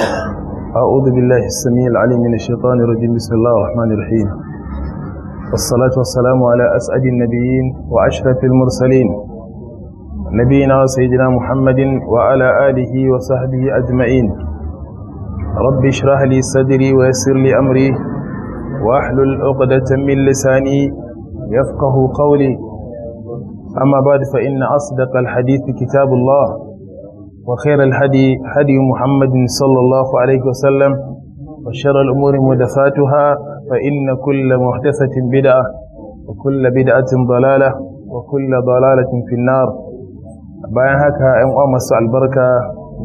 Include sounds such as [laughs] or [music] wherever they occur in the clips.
أعوذ بالله السميع العليم من الشيطان الرجيم بسم الله الرحمن الرحيم والصلاة والسلام على أسعد النبيين وأشرف المرسلين نبينا سيدنا محمد وعلى آله وصحبه أجمعين رب اشرح لي صدري ويسر لي أمري وأحلل عقدة من لساني يفقه قولي أما بعد فإن أصدق الحديث كتاب الله وخير الهدي هدي محمد صلى الله عليه وسلم وشر الأمور محدثاتها فإن كل محدثة بدعة وكل بدعة ضلالة وكل ضلالة في النار bayan haka ‘yan uwa masu albarka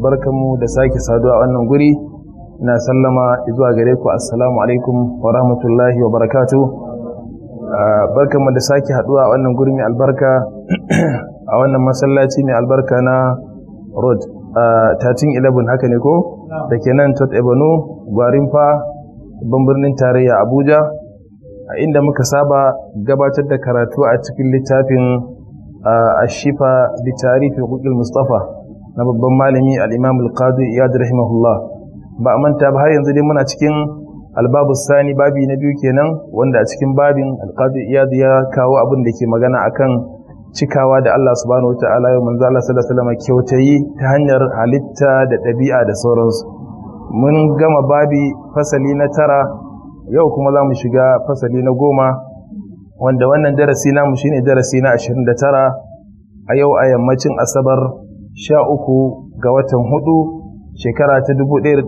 barkanmu da sake saduwa a wannan guri na sallama zuwa gare ku assalamu alaikum wa rahmatullahi wa barakatu barkanmu da sake haduwa a wannan guri mai albarka a wannan masallaci mai albarka na road 1311 uh, haka ne ko da ke nan tot ebano gwarin babban birnin tarayya abuja a inda muka saba gabatar da karatu a cikin littafin uh, ashifa bi tarihi hukukul mustafa na babban malami al-imam ya da rahimahullah ba a manta ba har yanzu dai muna cikin albabu sani babi na biyu kenan wanda a cikin babin al ya kawo abin da ke magana akan cikawa da Allah subhanahu ta'ala ya manzo Allah sallallahu alaihi wasallam kyautayi ta hanyar halitta da ɗabi'a da sauransu mun gama babi fasali na tara yau kuma za mu shiga fasali na goma wanda wannan darasi namu shine darasi na 29 a yau a yammacin asabar 13 ga watan hudu shekara ta 1445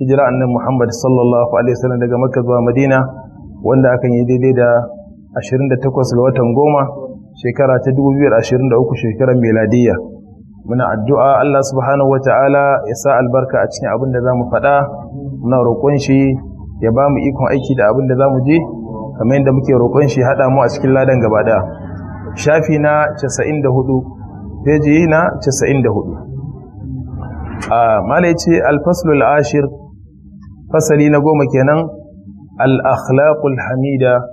hijira annabi Muhammad sallallahu alaihi wasallam daga Makka zuwa Madina wanda akan yi daidai da 28 ga watan goma shekara ta 2023 shekarar meladiyya muna addu'a Allah subhanahu wata'ala ya sa albarka a cikin abin da za mu faɗa muna roƙon shi ya ba mu ikon aiki da abin da za mu je kamar yadda muke roƙon shi haɗa mu a cikin ladan gaba ɗaya shafi na 94 peji na 94 a malai ce ashir fasali na goma kenan al-akhlaqul hamida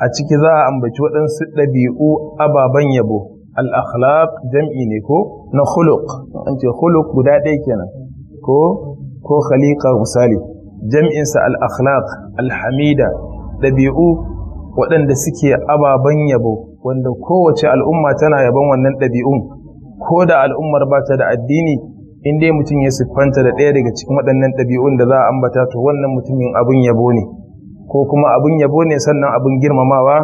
a ciki za a ambaci waɗansu ɗabi'u ababen yabo al-akhlaq jam'i ne ko na khuluq an ce khuluq guda ɗaya kenan ko ko khaliqa misali jam'in sa al-akhlaq al-hamida ɗabi'u waɗanda suke ababen yabo wanda kowace al'umma tana yabon wannan ɗabi'un ko da al'ummar ba ta da addini in dai mutum ya siffanta da ɗaya daga cikin waɗannan ɗabi'un da za a ambata to wannan mutumin abin yabo ne ko kuma abin yabo ne sannan abin girmamawa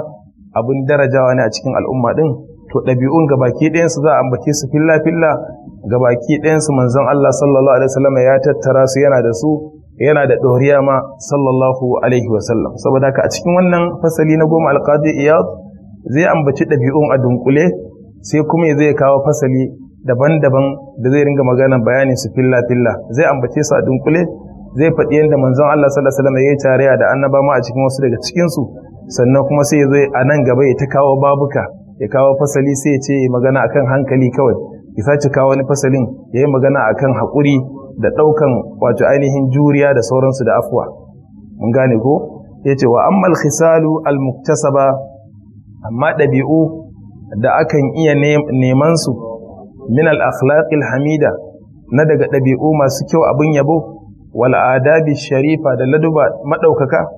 abun darajawa ne a cikin al'umma din to ɗabi'un gabaki ɗayansu za a ambace su filla filla gabaki ɗayansu manzon Allah sallallahu alaihi wasallam ya tattara su yana da su yana da ɗoriya ma sallallahu alaihi wasallam saboda haka a cikin wannan fasali na goma alqadi iyad zai ambaci ɗabi'un a dunkule sai kuma zai kawo fasali daban-daban da zai ringa magana bayanin su filla filla zai ambace su a dunkule zai faɗi yadda manzon Allah sallallahu alaihi wasallam ya yi tarayya da annaba ma a cikin wasu daga cikin su sannan kuma sai ya zo a nan gaba ya ta kawo babuka ya kawo fasali sai ya ce ya magana akan hankali kawai ya sace kawo wani fasalin ya yi magana akan haƙuri da ɗaukan wato ainihin juriya da sauransu da afuwa mun gane ko ya ce wa ammal khisalu al muktasaba amma ɗabi'u da akan iya neman su min al akhlaqil hamida na daga ɗabi'u masu kyau abin yabo wal'adabi sharifa da laduba madaukaka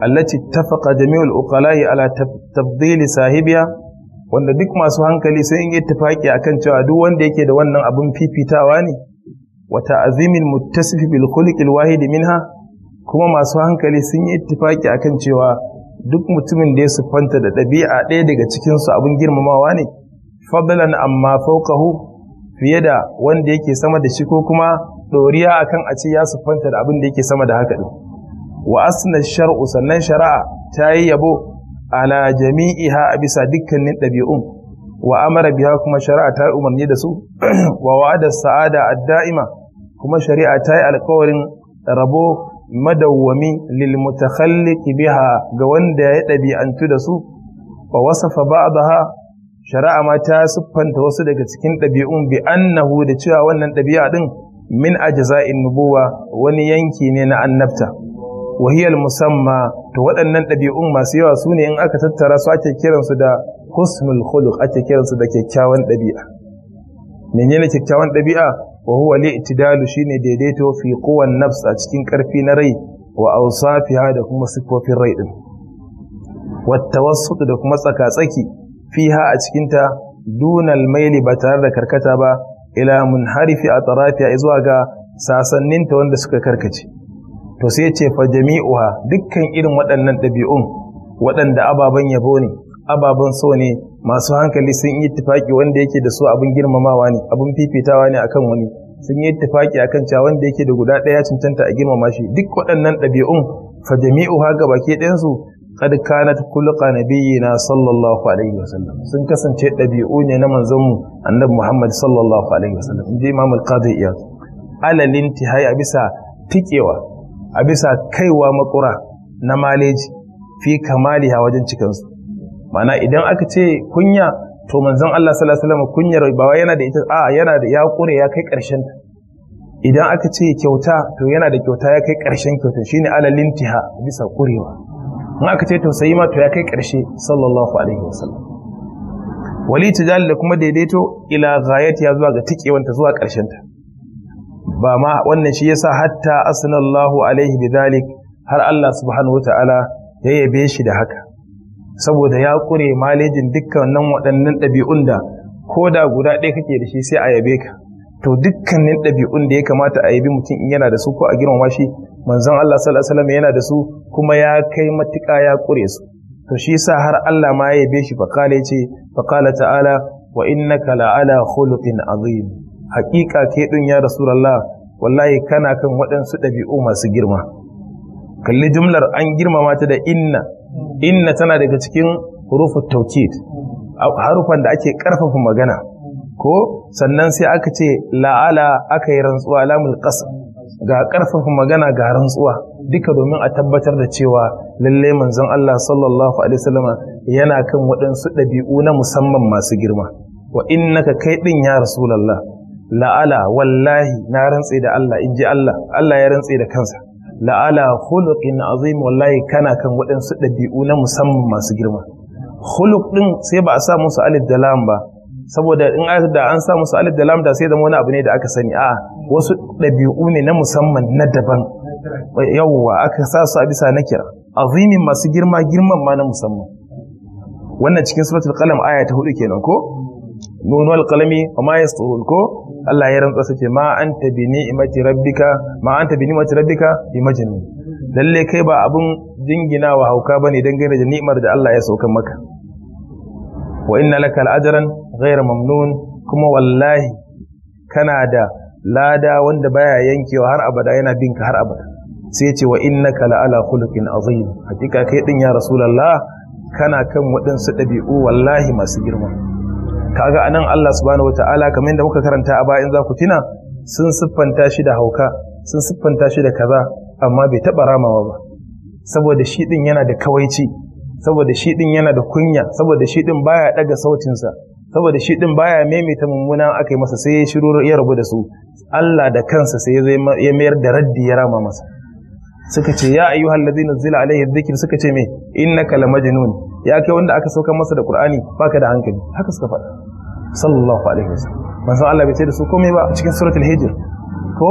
allati tafaqa jami'ul ukalai ala tafdili sahibiya wanda duk masu hankali sun yi tafaki akan cewa duk wanda yake da wannan abun fifitawa ne wa ta'zimil muttasif bil khuluqil wahid minha kuma masu hankali sun yi ittifaki akan cewa duk mutumin da ya sufanta da ɗabi'a ɗaya daga cikinsu abin girmamawa ne fadlan amma fauqahu fiye da wanda yake sama da shi ko kuma doriya akan a ce ya siffanta da abin da yake sama da haka din wa asna shar'u sannan shari'a ta yi yabo ala jami'iha a bisa dukkanin ɗabi'un wa amara biha kuma shari'a ta umarni da su [clears throat] wa wa'ada sa'ada adda'ima daima kuma shari'a ta yi alƙawarin rabo madawwami lil mutakhalliqi biha ga wanda ya ɗabi'antu da su wa wasafa ba'daha shari'a ma ta siffanta wasu daga cikin ɗabi'un bi annahu da cewa wannan ɗabi'a din min ajza'in nubuwa wani yanki ne na annabta wahiyal musamma to waɗannan ɗabi'un masu yawa su ne in aka tattara su ake kiransu da husnul khuluq ake kiransu da kyakkyawan ɗabi'a menene kyakkyawan ɗabi'a wa huwa li'tidalu shine daidaito fi quwwan nafs a cikin ƙarfi na rai wa awsafiha da kuma sifofin rai din wattawassut da kuma tsakatsaki fiha a cikinta dunal maili ba tare da karkata ba ila munharifi a tarafiya zuwa ga sasanninta wanda suka karkace to sai ce fa jami'uha dukkan irin waɗannan ɗabi'un waɗanda ababen yabo ne ababen so ne masu hankali sun yi tufaki wanda yake da su abin girmamawa ne abin fifitawa ne akan wani sun yi tufaki akan cewa wanda yake da guda ɗaya cancanta a girmama shi duk waɗannan ɗabi'un fa jami'uha ga baki ɗayansu kad kanat kulqa nabiyina sallallahu alaihi wasallam sun kasance dabi'u ne na manzon mu annabi Muhammad sallallahu alaihi wasallam inji Imam al-Qadi Iyad alal intihai a bisa tikewa a bisa kaiwa makura na maleji fi kamali kamaliha wajen cikansu mana idan aka ce kunya to manzon Allah sallallahu alaihi wasallam kunyar ba yana da ita a yana da ya kure ya kai karshen ta idan aka ce kyauta to yana da kyauta ya kai karshen kyauta shine alal intiha bisa kurewa in aka ce tausayi ma to ya kai ƙarshe sallallahu alaihi wasallam wali ta da kuma daidaito ila ghayati ya zuwa ga tikewanta zuwa ta. ba ma wannan shi yasa hatta asnallahu alaihi bidalik har Allah subhanahu wata'ala ya yabe shi da haka saboda ya kure malejin dukkan nan waɗannan ɗabi'un da ko da guda ɗaya kake da shi sai a yabe ka to dukkanin ɗabi'un da ya kamata a yi yabi mutum in yana da su ko a girmama shi manzon Allah sallallahu yana da su kuma ya kai matuƙa ya ƙure su to shi yasa har Allah ma ya yabe shi faqala yace faqala ta'ala wa innaka la'ala khuluqin azim haƙiƙa ke din ya rasulullah wallahi kana kan waɗansu ɗabi'u masu girma kalli jumlar an girmama ta da inna inna tana daga cikin hurufut tawkid harufan da ake ƙarfafa magana ko sannan sai aka ce la'ala aka yi rantsuwa alamul ƙasa ga ƙarfafa magana ga rantsuwa duka domin a tabbatar da cewa lalle manzon Allah sallallahu alaihi wasallama yana kan waɗansu ɗabi'u na musamman masu girma wa innaka kai ɗin ya rasulullah la'ala wallahi na rantse da Allah inji Allah Allah ya rantse da kansa la'ala khuluqin azim wallahi kana kan waɗansu ɗabi'u na musamman masu girma khuluq din sai ba a sa musu alif da lam ba saboda in da an sa musu alif da lam da sai zama wani abu ne da aka sani a wasu ɗabi'u ne na musamman na daban yawwa aka sa su a bisa na kira azimin masu girma girman ma na musamman wannan cikin suratul qalam aya ta hudu kenan ko nunu alqalami wa ma yasturun ko Allah ya rantsa sace ma anta bi ni'mati rabbika ma anta bi ni'mati rabbika bi majnun lalle kai ba abun jinginawa hauka bane dangane da ni'mar da Allah ya sauka maka wa inna laka al'ajaran ghayra mamnun kuma wallahi kana da lada wanda baya yankewa har abada yana bin ka har abada sai ce wa innaka la'ala khuluqin azim hakika kai din ya rasulullah kana kan waɗansu ɗabi'u wallahi masu girma kaga anan Allah subhanahu wataala kamar yadda muka karanta a bayan za ku tuna sun siffanta shi da hauka sun siffanta shi da kaza amma bai taɓa ramawa ba saboda shi ɗin yana da kawaici saboda shi ɗin yana da kunya saboda shi ɗin baya ɗaga sautinsa saboda shi ɗin baya maimaita mummuna aka yi masa sai ya shiru ya rabu da su Allah da kansa sai ya mayar da raddi ya rama masa suka ce ya ayyuhal ladzina zila alaihi dhikr suka ce me innaka lamajnun ya kai wanda aka sauka masa da qur'ani baka da hankali haka suka faɗa sallallahu alaihi wasallam manzo Allah bai ce da su komai ba cikin suratul hijr ko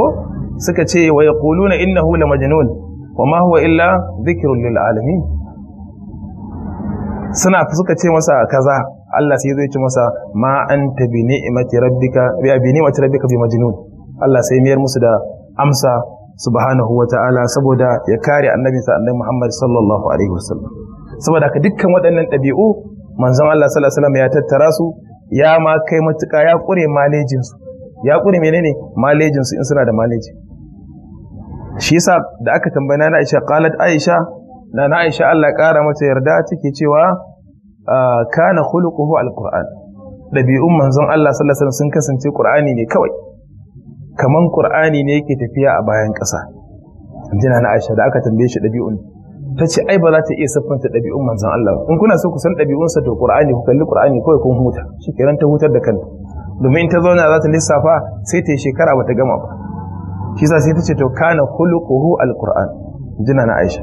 suka ce wa yaquluna innahu lamajnun wa ma huwa illa dhikrun lil suna suka ce masa kaza Allah sai zai ce masa ma anta bi ni'mati rabbika bi bi ni'mati rabbika bi majnun Allah sai miyar musu da amsa subhanahu wa ta'ala saboda ya kare annabi sa annabi Muhammad sallallahu alaihi wasallam saboda ka dukkan waɗannan ɗabi'u manzon Allah sallallahu alaihi wasallam ya tattara su ya ma kai matuƙa ya ƙure malejin su ya ƙure menene malejin su in suna da maleji shi yasa da aka tambaye na Aisha qalat Aisha na na Aisha Allah ƙara mata yarda take cewa ah, kana khuluquhu alquran dabi'un manzon Allah sallallahu alaihi wasallam sun kasance qur'ani ne kawai kaman qur'ani ne yake tafiya a bayan ƙasa jina na Aisha da aka tambaye shi dabi'un ta ce ai ba za ta iya siffanta dabi'un manzon Allah in kuna so ku san dabi'unsa to qur'ani ku kalli qur'ani kawai kun huta shikenan ta hutar da kanta domin ta zauna za ta lissafa sai ta yi shekara bata gama ba shi sai ta ce to kana khuluquhu alquran jina na Aisha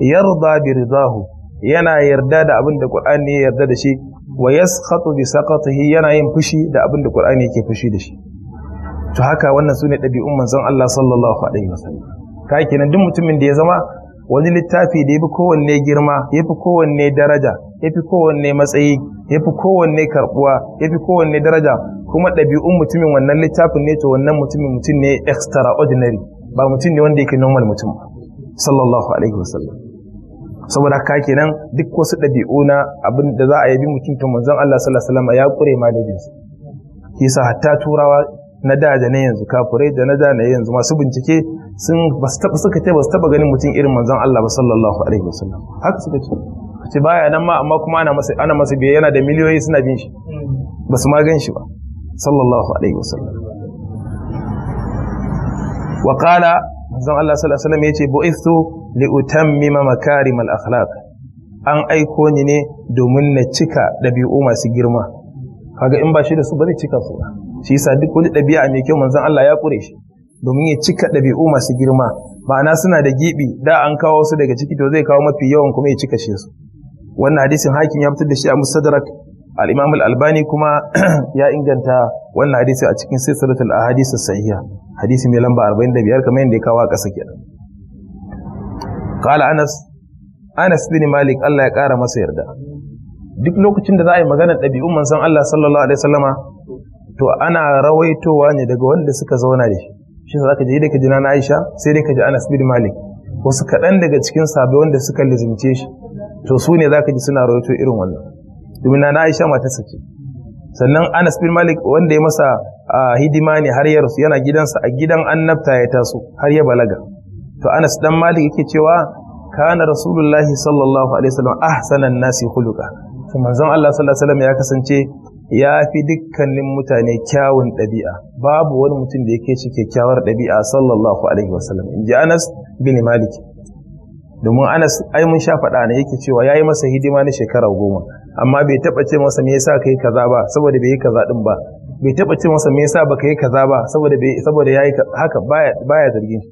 yarda bi ridahu yana yarda da abin da Qur'ani ya yarda da shi wa yaskhatu bi saqatihi yana yin fushi da abin da Qur'ani yake fushi da shi to haka wannan sune dabi'un manzon Allah sallallahu alaihi wasallam ka kenan duk mutumin da ya zama wani littafi da yafi kowanne girma yafi kowanne daraja yafi kowanne matsayi yafi kowanne karbuwa yafi kowanne daraja kuma ɗabi'un mutumin wannan littafin ne to wannan mutumin mutum ne extraordinary ba mutum ne wanda yake normal mutum sallallahu alaihi wasallam saboda haka kenan duk wasu ɗabi'u na abin da za a yabi mutum ta manzon Allah sallallahu alaihi wasallam ya kure ma ne su kisa hatta turawa na da da na yanzu kafurai da na da na yanzu masu bincike sun basu taba suka taba su taba ganin mutum irin manzon Allah ba sallallahu alaihi wasallam haka suka ce ce baya nan ma amma kuma ana masa ana masa biye yana da miliyoyi suna bin shi basu ma gan shi ba sallallahu alaihi wasallam wa qala manzon Allah sallallahu alaihi wasallam yace bu'ithu li'utammima makarimal akhlaq an aiko ni ne domin na cika ɗabi'u masu girma kaga in ba shi da su ba zai cika su ba shi yasa duk wani ɗabi'a mai kyau manzon Allah ya kure shi domin ya cika ɗabi'u masu girma ma'ana suna da gibi da an kawo su daga ciki to zai kawo mafi yawan kuma ya cika shi su wannan hadisin hakim ya fitar da shi a mustadrak al-imam al-albani kuma ya inganta wannan hadisi a cikin silsilatul ahadith as-sahiha hadisi mai lamba 45 kamar yadda ya kawo a ƙasa kenan qala anas anas bin malik Allah ya kara masa yarda duk lokacin da za a yi maganar ɗabi'un manzon Allah sallallahu alaihi wasallama to ana rawaitowa ne daga wanda suka zauna da shi shi za ka je da ka ji na Aisha sai dai ka ji Anas bin Malik wasu kaɗan daga cikin sabai wanda suka lizimce shi to su ne za ka ji suna rawaito irin wannan domin na Aisha matarsa ce sannan Anas bin Malik wanda ya masa hidima ne har yarsu yana gidansa a gidan annabta ya taso har ya balaga to Anas dan Malik yake cewa kana Rasulullahi sallallahu alaihi wasallam ahsanan nasi khuluqa to manzon Allah sallallahu alaihi wasallam ya kasance ya fi dukkanin mutane kyawun ɗabi'a babu wani mutum da yake shi kyakkyawar ɗabi'a sallallahu alaihi wasallam in ji Anas bin Malik domin Anas ai mun sha faɗa ne yake cewa yayi masa hidima na shekara goma amma bai taɓa ce masa me yasa kai kaza ba saboda bai yi kaza din ba bai taɓa ce masa me yasa baka yi kaza ba saboda ya saboda yayi haka baya baya zargin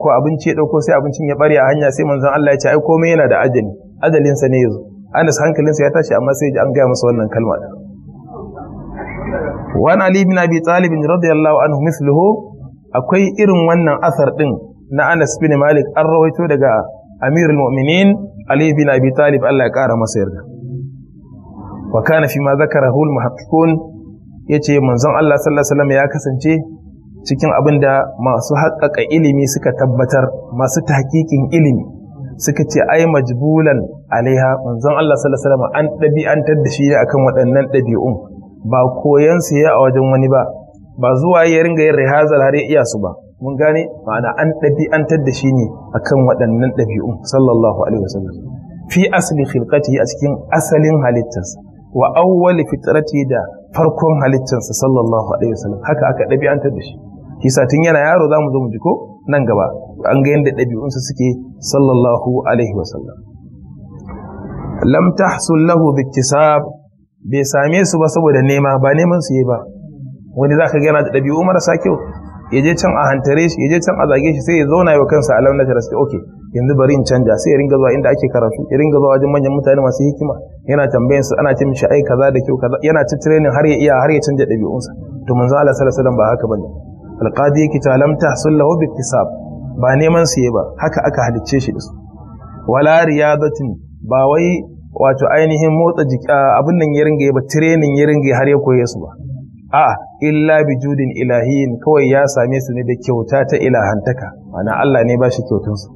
ko abinci ya dauko sai abincin ya bare a hanya sai manzon Allah ya ce ai komai yana da ajali ajalinsa ne ne yanzu Anas hankalinsa ya tashi amma sai ya ji an gaya masa wannan kalma wani Ali bin Abi Talib radiyallahu anhu misluhu akwai irin wannan asar din na Anas bin Malik an rawaito daga Amirul Mu'minin Ali bin Abi Talib Allah ya kara masa yarda wa kana fi ma zakarahu al-muhaqqiqun yace manzon Allah sallallahu alaihi wasallam ya kasance cikin abin da masu haƙaƙa ilimi suka tabbatar masu tahkikin ilimi suka ce ai majbulan alaiha manzon Allah sallallahu an ɗabi'antar da shi akan waɗannan ɗabi'un ba koyan su ya a wajen wani ba ba zuwa ya ringa yin rihazal har ya iya su ba mun gane ma'ana an ɗabi'antar da shi ne akan waɗannan ɗabi'un sallallahu alaihi wasallam fi asli khilqatihi a cikin asalin halittarsa wa awwal fitrati da farkon halittarsa sallallahu alaihi wasallam haka aka ɗabi'antar da shi Kisa tun yana yaro za mu zo mu ji ko nan gaba an ga yadda ɗabi'unsa suke sallallahu alaihi sallam lam tahsul lahu biktisab bai same su ba saboda nema ba neman su yi ba wani zaka ga yana da ɗabi'u marasa kyau ya je can a hantare shi ya je can a zage shi sai ya zauna wa kansa a launar da oke yanzu bari in canja sai ya ringa zuwa inda ake karatu ya ringa zuwa wajen manyan mutane masu hikima yana tambayin su ana ce mishi ai kaza da kyau kaza yana ta training har ya iya har ya canja ɗabi'unsa to manzo Allah sallallahu alaihi wasallam ba haka bane alqadi yake ta sun tahsul lahu ba neman siye ba haka aka halicce shi da su wala riyadatin ba wai wato ainihin motsa jiki. abin nan ya ringa ba training ya ringa har ya koye su ba a illa bi judin ilahiyin kawai ya same su ne da kyauta ta ilahantaka mana Allah ne ba shi kyautunsu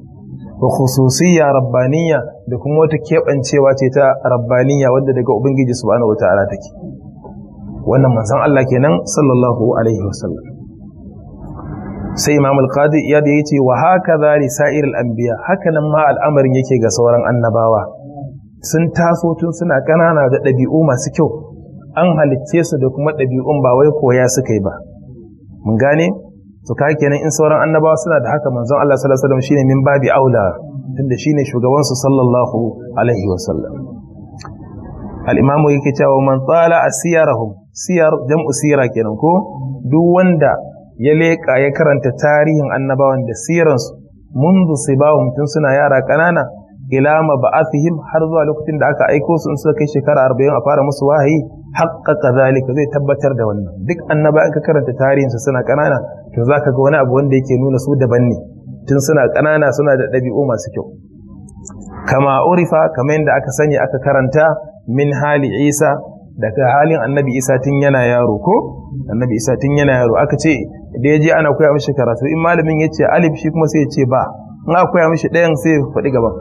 wa khususiyya rabbaniyya da kuma wata keɓancewa ce ta rabbaniyya wadda daga ubangiji subhanahu wataala take wannan manzon Allah kenan sallallahu alaihi wasallam sai imam al-qadi ya da yace wa hakaza li sa'iril anbiya hakanan ma al'amarin yake ga sauran annabawa sun taso tun suna kanana da ɗabi'u masu kyau an halicce su da kuma ɗabi'un ba wai koya suka yi ba mun gane to ka kenan in sauran annabawa suna da haka manzon Allah sallallahu alaihi wasallam shine min babi aula tunda shine shugaban su sallallahu alaihi wasallam al-imam yake cewa man tsala asiyarahum siyar jam'u sira kenan ko duk wanda ya leƙa ya karanta tarihin annabawan da siransu mundu ba tun suna yara ƙanana ila mab'athihim har zuwa lokacin da aka aiko su in suka kai shekara arba'in a fara musu wahayi ka zalika zai tabbatar da wannan duk annaba in ka karanta tarihin su suna ƙanana to zaka ga wani abu wanda yake nuna su daban ne tun suna ƙanana suna da ɗabi'u masu kyau kama urifa kamar yadda aka sani aka karanta min hali isa daga halin annabi isa tun yana yaro ko annabi isa tun yana yaro aka ce da ya je ana koya mishi karatu in malamin ya ce alif shi kuma sai ya ce ba in aka koya mishi ɗayan sai ya faɗi gaban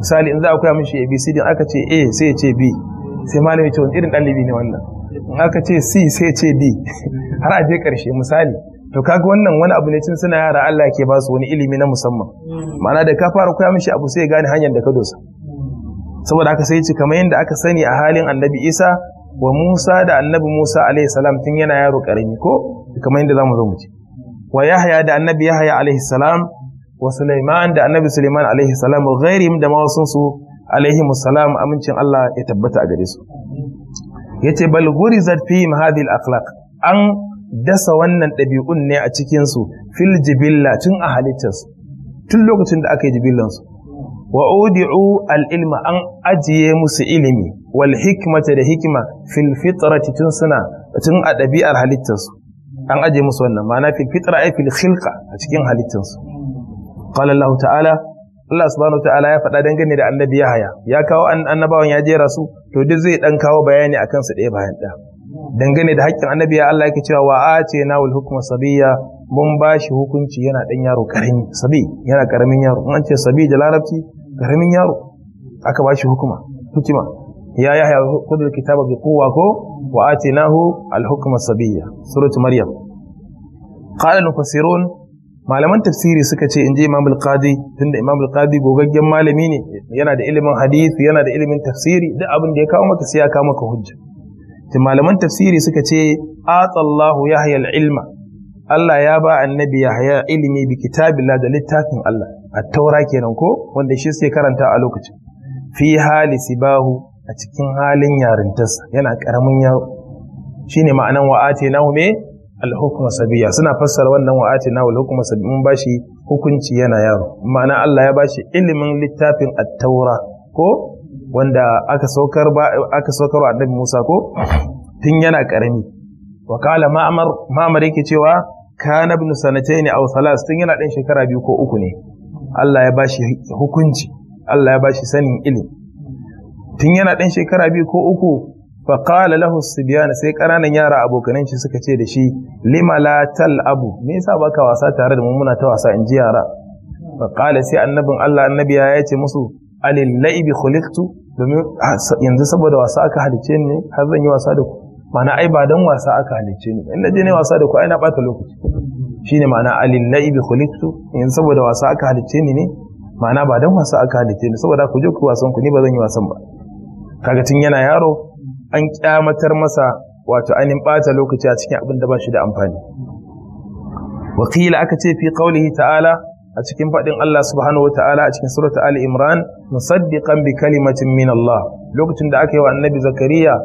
misali in za a koya mishi abc din aka ce a sai ya ce b sai malamin ya ce wani irin ɗalibi ne wannan in aka ce c sai ya ce d [laughs] har a je ƙarshe misali to kaga wannan wani abu ne tun suna yara Allah ke ba su wani ilimi na musamman ma'ana da ka fara koya mishi abu sai ya gane hanyar da ka dosa saboda aka sai ce kamar yadda aka sani a halin annabi isa wa Musa da annabi Musa alaihi salam tun yana yaro ƙarami ko kamar yadda zamu zo mu ce wa Yahya da annabi Yahya alaihi salam wa Sulaiman da annabi Sulaiman alaihi salam wa ghairihim da ma wasun su alaihi salam amincin Allah ya tabbata a gare su yace bal ghurizat fihim hadhihi al akhlaq an dasa wannan ɗabi'un ne a cikin su fil jibilla tun a halittarsu tun lokacin da aka yi jibillansu wa udi'u al-ilma an ajiye musu ilimi wal hikmata da hikima fil fitrati tun suna tun a ɗabi'ar halittarsu an ajiye musu wannan ma'ana fil fitra ay fil khilqa a cikin halittarsu qala Allah ta'ala Allah subhanahu ta'ala ya faɗa dangane da annabi Yahaya ya kawo annabawan ya jera su to duk zai dan kawo bayani akan su ɗaya bayan ɗaya dangane da haƙƙin annabi ya Allah yake cewa wa atina wal hukma sabiyya mun ba shi hukunci yana ɗan yaro ƙarami sabi yana ƙaramin yaro in an ce sabi da larabci ƙaramin yaro aka ba shi hukuma hukima ya ya ya kudur kitaba bi kowa ko wa atinahu al hukma sabiyya suratu maryam qala nufassirun malaman tafsiri suka ce in ji imam al-qadi tunda imam al-qadi gogaggen malami ne yana da ilimin hadisi yana da ilimin tafsiri duk abin da ya kawo maka sai ya kawo maka hujja to malaman tafsiri suka ce atallahu yahya al-ilma Allah ya ba annabi haya ilimi bi kitabillah da littafin Allah a taura kenan ko wanda shi sai karanta a lokacin fi hali sibahu a cikin halin yarintarsa yana karamin yaro shine ma'anan wa atinahu me al sabiya suna fassara wannan wa atinahu al-hukma sabiya mun bashi hukunci yana yaro ma'ana Allah ya bashi ilimin littafin at-taura ko wanda aka saukar ba aka saukar annabi Musa ko tun yana karami wa mamari ma'amar ma'amar yake cewa kana ibn sanatayn aw thalas tun yana ɗan shekara biyu ko uku ne Allah ya bashi hukunci Allah ya bashi sanin ilim tun yana ɗan shekara biyu ko uku fa qala lahu sibyan sai ƙananan yara abokanan shi suka ce da shi lima la abu me yasa baka wasa tare da mu ta wasa in ji yara fa qala sai annabin Allah annabi ya yace musu alil laibi khuliqtu domin ah, yanzu saboda wasa aka halice ni har zan yi wasa da ku ma'ana ai ba don wasa aka halicce ni in je ne wasa da ku ai na bata lokaci shine ma'ana alil bi khuliqtu in saboda wasa aka halicce ni ne ma'ana ba don wasa aka halicce ni saboda ku je ku wasan ku ni ba zan yi wasan ba kaga tun yana yaro an kyamatar masa wato ainihin bata lokaci a cikin abin da ba shi da amfani wakila aka ce fi kaulihi ta'ala a cikin faɗin Allah subhanahu wa ta'ala a cikin surata Ali Imran musaddiqan bi kalimatin min Allah lokacin da aka yi wa annabi Zakariya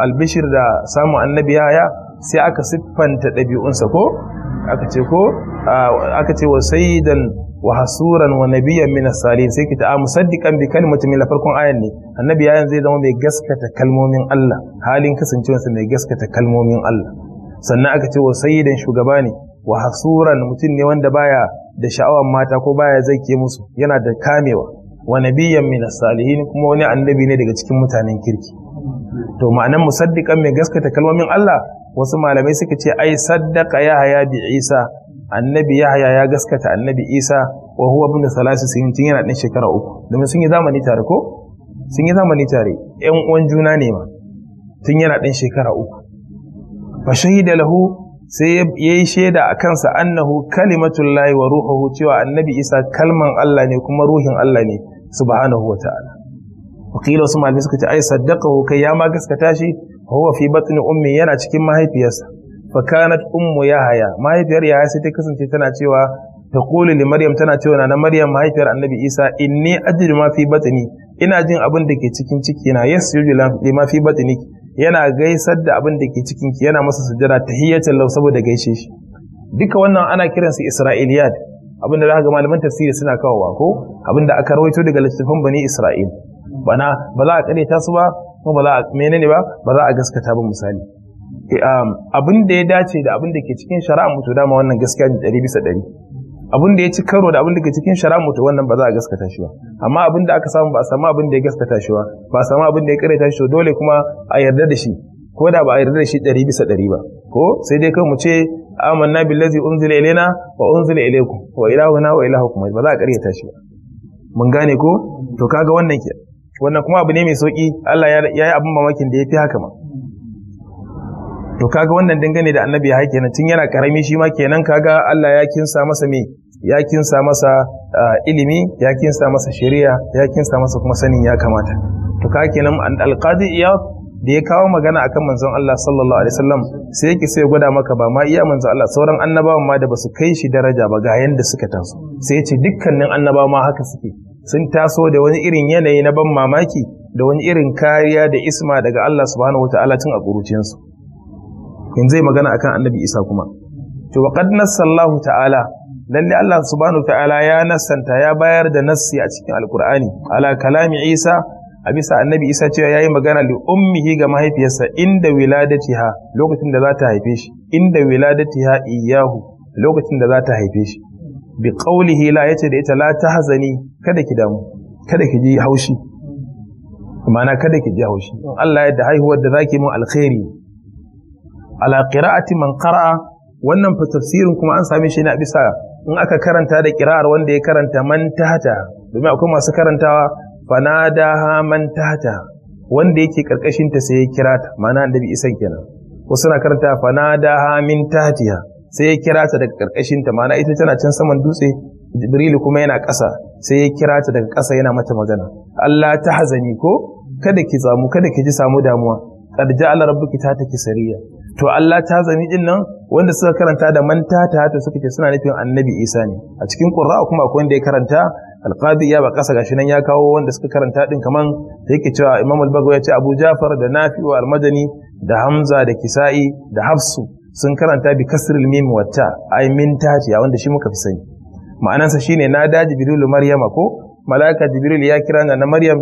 albishir da samun annabi yaya sai aka siffanta ɗabi'unsa ko aka ce ko aka ce wa sayyidan wa hasuran wa nabiyyan min as-salihin sai kita musaddiqan bi kalmatin min farkon ayan ne annabi yayan zai zama mai gaskata kalmomin Allah halin kasancewarsa mai gaskata kalmomin Allah sannan aka ce wa sayyidan shugaba ne wa hasuran mutum ne wanda baya da sha'awan mata ko baya zai ke musu yana da kamewa wa nabiyyan min salihin kuma wani annabi ne daga cikin mutanen kirki to ma'anan musaddiqan mai gaskata kalmomin Allah wasu malamai suka ce ai saddaqa yahaya bi isa annabi yahaya ya gaskata annabi isa wa huwa ibn salasi sun yana ɗan shekara uku domin sun yi zamani tare ko sun yi zamani tare Ƴan uwan juna ne ma tun yana ɗan shekara uku fa shahida lahu sai ya yi shaida a kansa annahu kalimatul lahi wa ruhuhu cewa annabi isa kalman Allah ne kuma ruhin Allah ne subhanahu wa ta'ala wakila wasu malamai suka ce ai saddaqahu kai ya ma gaskata shi huwa fi batni ummi yana cikin mahaifiyarsa fa kanat ummu yahaya mahaifiyar yahaya sai ta kasance tana cewa taqulu li maryam tana cewa na maryam mahaifiyar annabi isa inni ajidu ma fi batni ina jin abin da ke cikin ciki na yasjudu li ma fi batni yana gaisar da abin da ke cikin ki yana masa sujjada tahiyatan law saboda gaishe shi duka wannan ana kiransu isra'iliyat abin da zaka ga malaman tafsiri suna kawowa ko abin da aka rawaito daga littafin bani isra'il bana ba za a ta su ba kuma ba za a menene ba ba za a gaskata ba misali eh, um, abin da ya dace da abin da ke cikin shari'a mutu dama wannan gaskiya ne ɗari bisa ɗari abin da ya ci karo da abin da ke cikin shari'a mutu wannan ba za a gaskata shi ba amma abin da aka samu ba a samu abin da ya gaskata shi ba ba a samu abin da ya ta shi dole kuma a yarda da shi ko da ba a yarda da shi ɗari bisa ɗari ba ko sai dai kai mu ce amanna billazi unzila ilaina wa unzila ilaikum wa ilahuna wa ilahukum ba za a ta shi ba mun gane ko to kaga wannan ke wannan kuma abu ne mai sauki Allah ya yi abin mamakin da ya fi haka ma to kaga wannan dangane da annabi ya kenan tun yana karami shi ma kenan kaga Allah ya kinsa masa me ya kinsa masa ah, ilimi ya kinsa masa shari'a ya kinsa masa kuma sanin ya kamata to kaga kenan alqadi iyad da ya kawo magana akan manzon Allah sallallahu alaihi wasallam sai yake sai gwada maka ba ma iya manzon Allah sauran annabawan ma da basu kai shi daraja ba ga yanda suka taso sai ya ce dukkanin annabawa ma haka suke sun taso da wani irin yanayi na ban mamaki da wani irin kariya da isma daga Allah subhanahu wataala tun a ƙuruciyarsu in zai magana akan annabi isa kuma to waƙad nassallahu ta'ala lalle Allah subhanahu wataala ya nassanta ya bayar da nassi a cikin alkur'ani ala kalami isa a bisa annabi isa cewa ya yi magana li ummihi ga mahaifiyarsa inda wiladatiha lokacin da za ta haife shi inda wiladatiha iyahu lokacin da za ta haife shi bi qawlihi la yace da ita la hazani kada ki damu kada ki ji haushi ma'ana kada ki ji haushi Allah ya da haihuwar da zaki mu alkhairi ala qira'ati man qara'a wannan fa tafsirin kuma an same shi ne a bisa in aka karanta da kira'ar wanda ya karanta man tahta domin akwai masu karantawa fanadaha man tahta wanda yake karkashin ta sai ya kira ta ma'ana annabi isan kenan wasu na karanta fanadaha min tahtiha sai ya kira ta daga ƙarƙashin ta mana ita tana can saman dutse jibrilu kuma yana ƙasa sai ya kira ta daga ƙasa yana mata magana Allah ta hazani ko kada ki zamu kada ki ji samu damuwa qad ja'ala rabbuki taki sariya to Allah ta hazani din nan wanda suka karanta da manta ta ta suka ce suna nufin annabi Isa ne a cikin Qur'a kuma akwai wanda ya karanta alqadi ya ba kasa gashi nan ya kawo wanda suka karanta din kaman da yake cewa imamul al-bagawi ya ce abu jafar da nafi wa al-madani da hamza da kisa'i da hafsu sun karanta bi kasril mim watta ai min tajiya wanda shi muka fi sani ma'anansa shine na da jibrilu maryama ko malaka jibril ya kira na maryam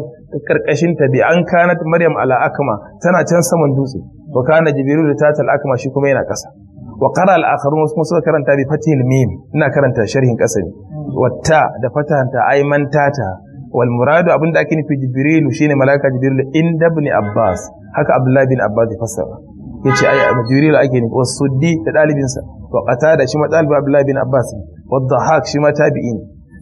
karkashin ta bi an kanat maryam ala akma tana can saman dutse wa kana jibrilu ta tal akma shi kuma yana kasa wa qara al akharun wasu suka karanta bi fatihil mim ina karanta sharhin kasa ne watta da fatahanta ai man tata wal muradu abinda ake nufi jibrilu shine malaka jibrilu inda ibn abbas haka abdullahi bin abbas ya fassara yace ai abu jibril ake ne wasu suddi da dalibinsa wa da shi ma abdullahi bin abbas wa dhahak shi ma tabi'in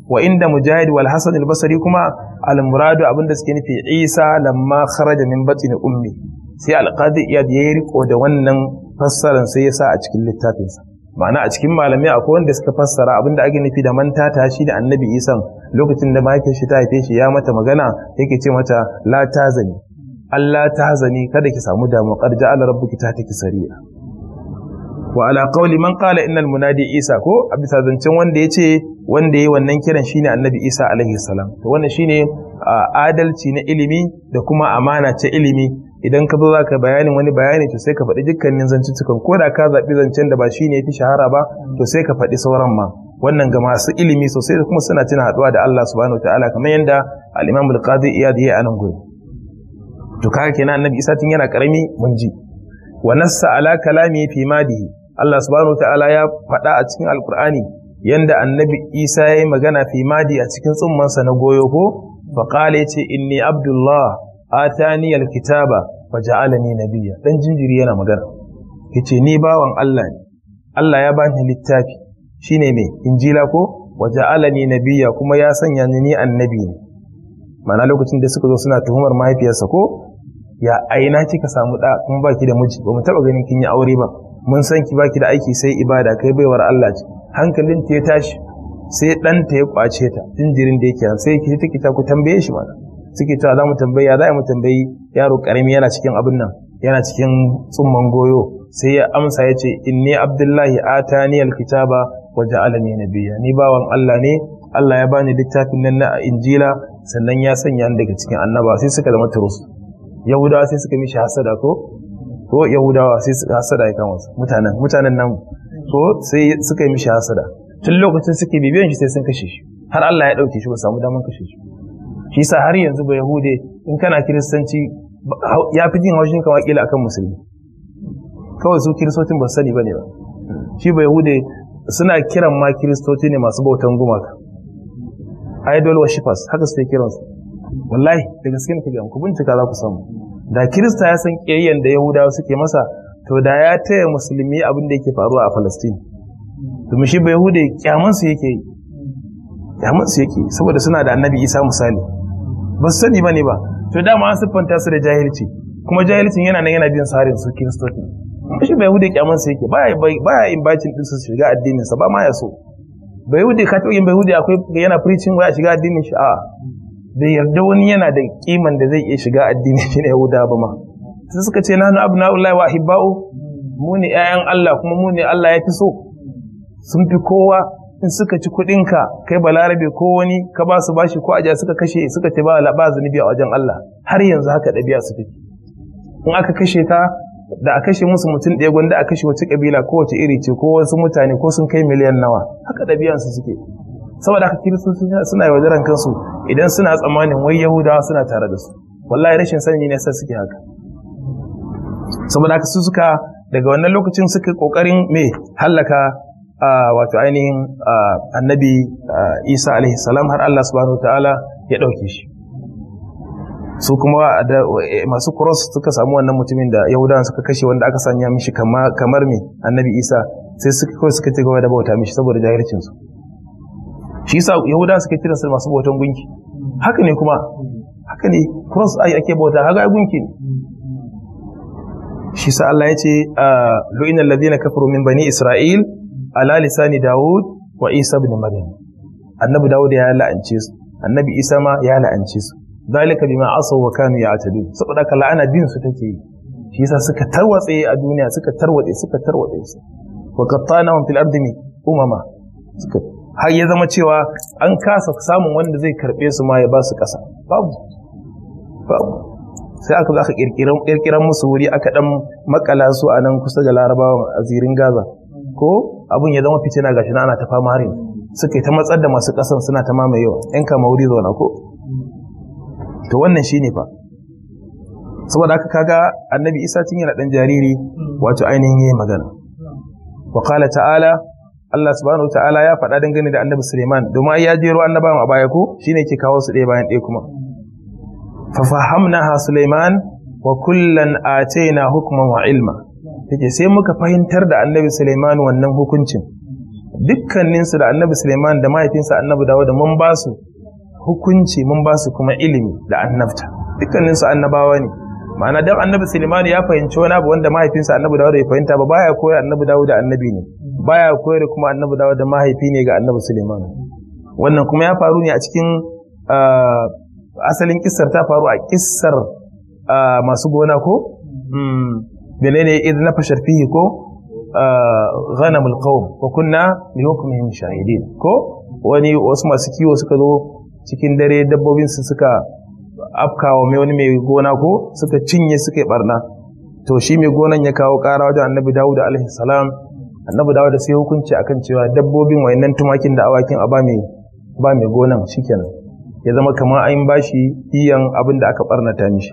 wa inda mujahid wal hasan al basri kuma al muradu abinda suke nufi isa lamma kharaja min batin ummi sai al qadi ya yi riko da wannan fassaran sai ya sa a cikin littafinsa ma'ana a cikin malamai akwai wanda suka fassara abinda ake nufi da manta ta shi da annabi isan lokacin da mahaifiyar shi ta haife shi ya mata magana yake ce mata la tazani Allah ta hazani kada ki samu damu kar ja'ala rabbuki taki sariya wa ala qawli man qala innal munadi isa ko a bisa zancen wanda yace wanda yayi wannan kiran shine annabi isa alaihi salam to wannan shine adalci na ilimi da kuma amana ta ilimi idan ka zo zaka bayanin wani bayani to sai ka faɗi dukkanin zancen ko da ka zabi zancen da ba shine yafi shahara ba to sai ka faɗi sauran ma wannan ga masu ilimi sosai kuma suna tuna haɗuwa da Allah subhanahu wataala kamar yadda al-Imam al-Qadi Iyad yayi anan gurin to kaga kenan annabi isa tun yana karami mun ji wa nassa ala kalami fi madihi Allah subhanahu wa ta'ala ya faɗa a cikin alkur'ani yanda annabi isa ya yi magana fi madi a cikin sa na goyo ko fa qala yace inni abdullah atani alkitaba wa ja'alani nabiyya dan jinjiri yana magana yace ni bawan Allah ne Allah ya bani littafi shine me injila ko wa ja'alani nabiyya kuma ya sanya ni annabi ne ma'ana lokacin da suka zo suna tuhumar mahaifiyarsa ko ya aina kika samu da kuma baki da miji ba mu taba ganin kin yi aure ba mun san ki baki da aiki sai ibada kai baiwar Allah ce hankalin ta ya tashi sai ɗanta ya kwace ta jirin da yake sai ki ta ta ku tambaye shi ma suke cewa za mu tambayi za mu tambayi yaro karami yana cikin abin nan yana cikin tsumman goyo sai ya amsa ya ce inni abdullahi atani alkitaba wa ja'alani nabiyya ni bawan Allah ne Allah ya bani littafin nan na injila sannan ya sanya ni daga cikin annaba sai suka zama turus yahudawa sai suka mishi hasada ko ko yahudawa sai suka hasada ya kama su mutanen mutanen nan ko sai suka yi mishi hasada tun lokacin suke bibiyan shi sai sun kashe shi har Allah ya dauke shi ba samu daman kashe shi shi sa har yanzu ba yahude in kana kiristanci ya fi jin haushin kama kila akan musulmi kawai su kiristocin ba sani bane ba shi ba yahude suna kiran ma kiristoci ne masu bautan gumaka idol worshipers haka suke kiransu wallahi da gaske nake ga ku bincika za ku samu da kirista ya san kiyayyen da yahudawa suke masa to da ya taya musulmi abin da yake faruwa a Palestine domin shi ba yahude kyaman su yake yi kyaman su yake saboda suna da annabi Isa misali ba su sani bane ba to dama an siffanta su da jahilci kuma jahilcin yana nan yana bin sarin su kiristoci shi ba yahude kyaman su yake baya in bacin din su shiga addinin sa ba ma ya so ba yahude ka taɓa yin ba yahude akwai yana preaching wai shiga addinin shi a'a bai yarda wani yana da kiman da zai iya shiga addini [laughs] ne Yahuda ba ma sai suka ce nanu abna'ullahi wa ahibba'u mu ne ƴaƴan Allah kuma mu ne Allah ya fi so sun fi kowa in suka ci kuɗinka kai balarabe ko wani ka ba su bashi ko aja suka kashe suka ce ba ba zunubi a wajen Allah har yanzu haka ɗabi'a su fi in aka kashe ta da a kashe musu mutum ɗaya gwanda a kashe wata ƙabila ko wace iri ce ko wasu mutane ko sun kai miliyan nawa haka ɗabi'ansu suke saboda haka kiristoci suna yaudaran kansu idan suna tsammanin wai yahudawa suna tare da su wallahi rashin sani ne sai suke haka saboda haka su suka daga wannan lokacin suka kokarin me hallaka wato ainihin annabi isa alaihi salam har allah subhanahu ta'ala ya ɗauke shi su kuma e, masu cross suka samu wannan mutumin da yahudawa suka kashe wanda aka sanya mishi kamar me annabi isa sai suka kawai suka ci gaba da bauta mishi saboda su. shi yasa yahudawa suka kira su masu bautan gunki haka ne kuma haka ne cross ai ake bauta haka ai gunki ne shi yasa Allah ya ce ah, lu'ina alladhina kafaru min bani isra'il ala lisani daud wa isa ibn maryam annabi daud ya la'ance su annabi isa ma ya la'ance su zalika bima asaw wa kanu ya'tadun saboda ka la'ana din su take yi shi yasa suka tarwatse a duniya suka tarwatse suka tarwatse su wa qattanahum fil ardi umama suka har ya zama cewa an kasa samun wanda zai karɓe su ma ya ba su ƙasa babu babu sai aka za ka ƙirƙiran musu wuri aka ɗan makala su a nan kusa da larabawa a zirin gaza ko abin ya zama fitina gashi na ana ta fama harin suka ta matsar da masu ƙasan suna ta yawa. yan kama wuri zauna ko to wannan shine fa saboda haka kaga annabi isa cin yana ɗan jariri wato ainihin yayi magana wa ta'ala Allah subhanahu wa ta'ala ya faɗa dangane da annabi Suleiman domin ai ya ruwan annabawan a baya ko shine ke kawo su ɗaya bayan ɗaya kuma fa fahamna ha Suleiman wa kullan atayna hukman wa ilma take sai muka fahimtar da annabi Suleiman wannan hukuncin dukkanin su da annabi Suleiman da mahaifinsa annabi Dawud mun ba su hukunci mun ba su kuma ilimi da annabta dukkanin su annabawa ne ma'ana dan annabi Suleiman ya fahimci wani abu wanda mahaifinsa annabi Dawud ya fahimta ba baya koyar annabi Dawud da annabi ne baya koyar da kuma annabi Dawud da mahaifi ne ga annabi Suleiman wannan kuma ya faru ne a cikin ah, asalin kissar ta faru a kissar ah, masu gona ko hmm. ne idan na fashar fihi ko ah, ghanamul qawm ko kunna li hukmihim shahidin ko wani wasu masu kiwo suka zo cikin dare dabbobin su suka afkawa mai wani mai gona ko suka cinye suka yi barna to shi mai gonan ya kawo ƙara wajen annabi dawud alaihi salam annabi dawo da sai hukunci akan cewa dabbobin wayannan tumakin da awakin a ba mai ba mai gonan shikenan ya zama kamar an bashi iyan abin da aka barnata mishi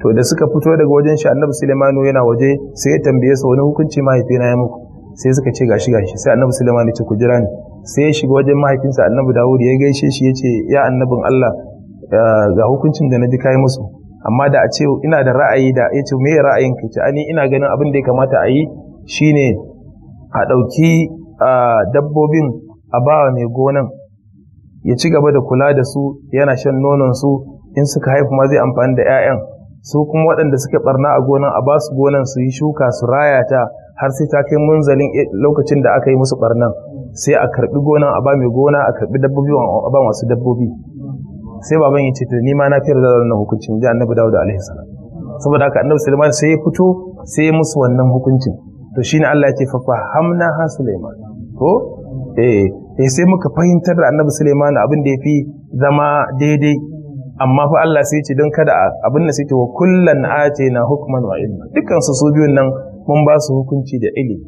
to da suka fito daga wajen shi annabi Sulaimanu yana waje sai ya tambaye su wani hukunci mahaifina ya muku sai suka ce gashi gashi sai annabi Sulaimanu ya ce ku jira ni sai ya shiga wajen mahaifinsa annabi Dawud ya gaishe shi ya ce ya annabin Allah eh, ga hukuncin da na ji kai musu amma da a ce ina da ra'ayi da ya ce me ra'ayin ka ce ani ina ganin abin da ya kamata a yi shine a ɗauki dabbobin a bawa mai gonan ya ci gaba da kula da su yana shan nonon su in suka haifu ma zai amfani da 'ya'yan su kuma waɗanda suka barna a gonan a ba su gonan su yi shuka su raya ta har sai ta kai munzalin eh, lokacin da aka yi musu barnan sai a karbi gonan a ba mai gona a karbi dabbobi a ba masu dabbobi sai baban ya ce to ni ma na fiyar da wannan hukuncin ji annabi dawud alaihi salam saboda haka annabi sulaiman sai ya fito sai ya musu wannan hukuncin to shi ne Allah ya ce hamna ha Suleiman. ko eh eh sai muka fahimtar da Annabi Suleiman abin da yafi zama daidai amma fa Allah sai ce don kada abin da sai ce wa kullan na hukman wa ilma dukkan su su biyun nan mun ba su hukunci da ilimi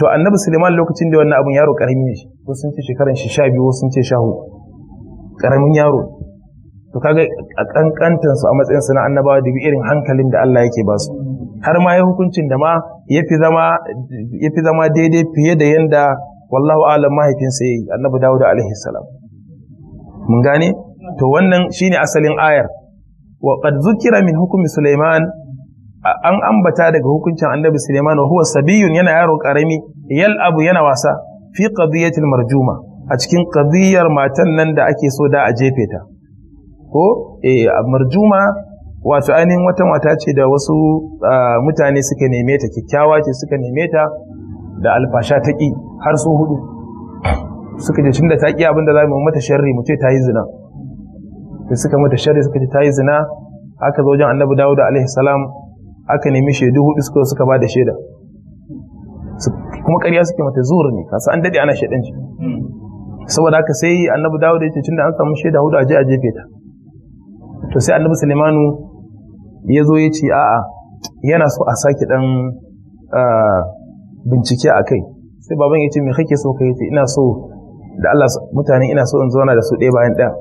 to Annabi Suleiman lokacin da wannan abin yaro karami ne shi ko sun ce shekaran shi 12 sun ce 14 karamin yaro to kaga a kankantansu a matsayin su na annabawa da irin hankalin da Allah yake ba su har ma ya hukuncin da ma ya fi zama daidai fiye da yadda wallahu alam mahaifinsa ya yi annabi dawud alaihi salam mun gane to wannan shine asalin ayar wa qad zukira min hukmi sulaiman an ambata daga hukuncin annabi sulaiman wa huwa sabiyun yana yaro karami yal abu yana wasa fi qadiyatil marjuma a cikin qadiyar matan nan da ake so da a jefe ta ko eh marjuma wato ainihin wata mata ce da wasu mutane suka neme ta kyakkyawa ce suka neme ta da alfasha ta ƙi har su hudu suka ce tun da ta ƙi abin da za mu mata sharri mu ce ta yi zina da suka mata sharri suka ce ta yi zina aka zo wajen annabi dawud alaihi salam aka nemi shaidu hudu suka suka ba da shaida kuma ƙarya suke mata zuwa ne kasu an daɗe ana shaidanci saboda haka sai annabi dawud ya ce tun da an samu shaida hudu a je a jefe ta to sai annabi Sulemanu ya zo ya ce a'a yana so a sake dan bincike a kai sai baban ya ce me kake so ka ce ina so da Allah mutane ina so in zauna da su ɗaya bayan ɗaya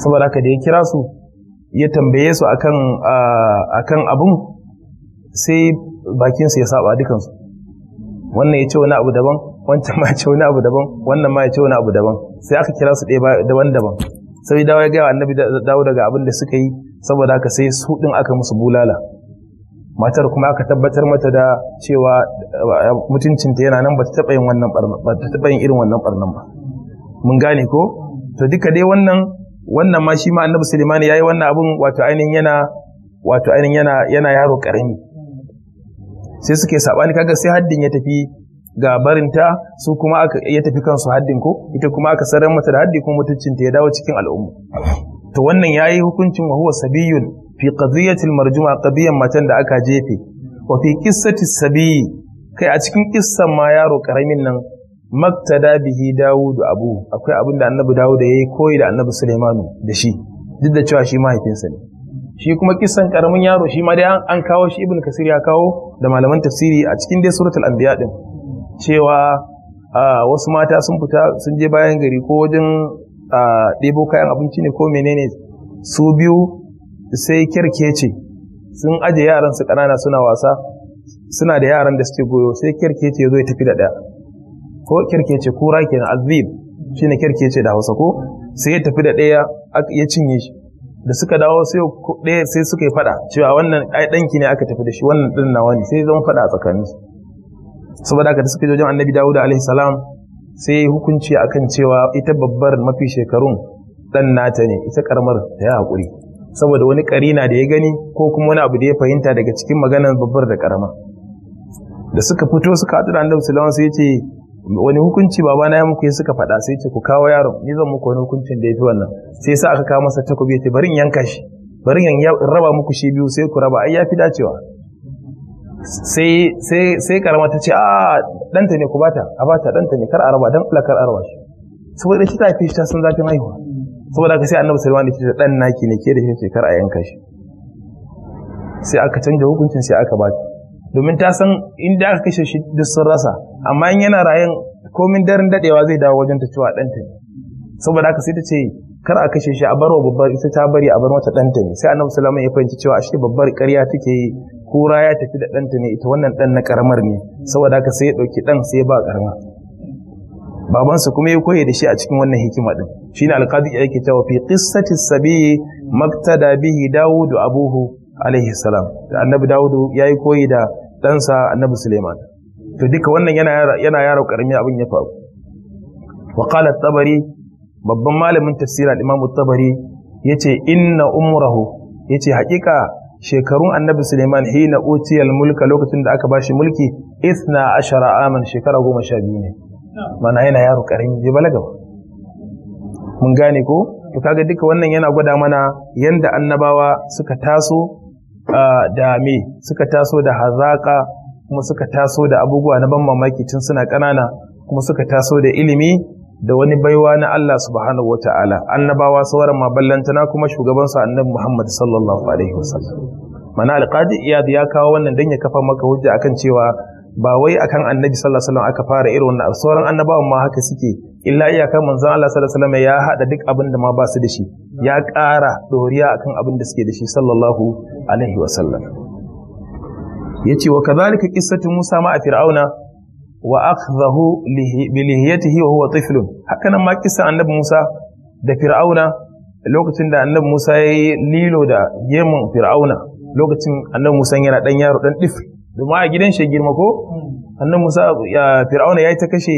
saboda haka da ya kira su ya tambaye su akan akan abun sai bakin su ya saba dukansu wannan ya ce wani abu daban wancan ma ya ce wani abu daban wannan ma ya ce wani abu daban sai aka kira su ɗaya daban-daban sai dawo ya gaya annabi dawo daga abin da suka yi saboda haka sai su din aka musu bulala matar kuma aka tabbatar mata da cewa eh, mutuncinta yana nan ba ta taɓa yin wannan ba irin wannan barnan ba mun gane ko to duka dai wannan wannan ma shi ma annabi Sulaiman yayi wannan abun wato ainihin yana wato ainihin yana yana yaro karami sai suke sabani kaga sai haddin ya tafi ga barinta su kuma ya tafi kansu haddin ko ita kuma aka sarar mata da haddi kuma mutuncinta ya dawo cikin al'umma to wannan ya yi hukuncin wa huwa sabiyun fi qadiyati marjuma qadiyan macen da aka jefe wa fi qissati sabiyi kai a cikin kissan ma yaro karamin nan maktada bihi Dawudu, abu akwai abin da annabi dawud da yi koyi da annabi sulaimanu da shi duk da cewa shi mahaifinsa ne shi kuma kisan karamin yaro shi ma dai an kawo shi ibn kasir ya kawo da malaman tafsiri a cikin dai suratul anbiya din cewa wasu mata sun fita sun je bayan gari ko wajen ɗebo kayan abinci ne ko menene su biyu sai kirkece sun aje yaran su ƙanana suna wasa suna da yaran da suke goyo sai kirkece zo ya tafi da ɗaya ko kirkece kura kenan azib ne kirkece da Hausa ko sai ya tafi da ɗaya ya cinye shi da suka dawo sai ɗaya sai suka yi fada cewa wannan ai ɗanki ne aka tafi da shi wannan ɗin na wani sai zan fada a tsakanin saboda haka da suka jojin annabi Dawud alaihi salam sai hukunci akan cewa ita babbar mafi shekarun ɗan nata ne ita karamar ta ya haƙuri saboda wani na da ya gani ko kuma wani abu da ya fahimta daga cikin maganar babbar da ƙarama da suka fito suka haɗu da annabi sallallahu sai ce wani hukunci babana ya muku ya suka faɗa sai ce ku kawo yaron ni zan muku wani hukuncin da ya fi wannan sai sa aka kawo masa takobi ya ce bari in yanka shi bari in raba muku shi biyu sai ku raba ai ya fi dacewa sai sai sai karama ta ce a ah, danta ne ku bata a bata danta ne kar a raba dan Allah kar a raba shi saboda shi ta fi shi ta san zafin haihuwa saboda ka sai annabi sallallahu alaihi wasallam ya ce dan naki ne ke da shi kar a yanka shi sai aka canja hukuncin sai aka bata domin ta san inda aka kashe shi duk sun rasa amma in yana rayan komin daren dadewa zai dawo wajen ta cewa danta ne saboda haka sai ta ce kar a kashe shi a barwa babbar ita ta bari a bar mata ɗanta ne sai annabi sallallahu alaihi ya fahimci cewa ashe babbar ƙarya take yi kura ya tafi da ɗanta ne ita wannan ɗan na ƙaramar ne saboda haka sai ya ɗauki ɗan sai ya ba ƙarama babansa kuma ya koyi da shi a cikin wannan hikima ɗin shi ne alƙadi ya yake cewa fi qissati sabi maktada bihi Dawudu abuhu alaihi salam annabi Dawudu ya yi koyi da ɗansa annabi suleiman to duka wannan yana yaro ƙarami abin ya faru wa qala tabari babban malamin tafsira al-imam tabari yace inna umrahu yace haƙiƙa shekarun annabi Suleiman hina utiyal mulka lokacin da aka ba shi mulki isna ashara aman shekara goma sha biyu ne mana yana yaro karin bai balaga ba mun gane ko to kaga duka wannan yana gwada mana yanda annabawa suka taso da me suka taso da hazaƙa, kuma suka taso da abubuwa na ban mamaki tun suna ƙanana kuma suka taso da ilimi da wani baiwa na Allah subhanahu wa ta'ala annabawa sauran maballantana kuma shugabansu annabi Muhammad sallallahu alaihi wasallam mana alqadi iyad ya kawo wannan dan ya kafa maka hujja akan cewa ba wai akan annabi sallallahu alaihi wasallam aka fara irin wannan sauran annabawan ma haka suke illa iyaka manzon Allah sallallahu alaihi wasallam ya haɗa duk abin da ma ba su da shi ya ƙara ɗoriya akan abin da suke da shi sallallahu alaihi wasallam yace wa kazalika qissatu Musa ma a fir'auna wa akhdahu bi lihiyatihi wa huwa tiflun haka nan ma kisa annabi Musa da Fir'auna lokacin da annabi Musa ya lilo da gemun Fir'auna lokacin annabi Musa yana dan yaro dan dif domin a gidan shi girma ko annabi Musa Fir'auna ya yi ta kashe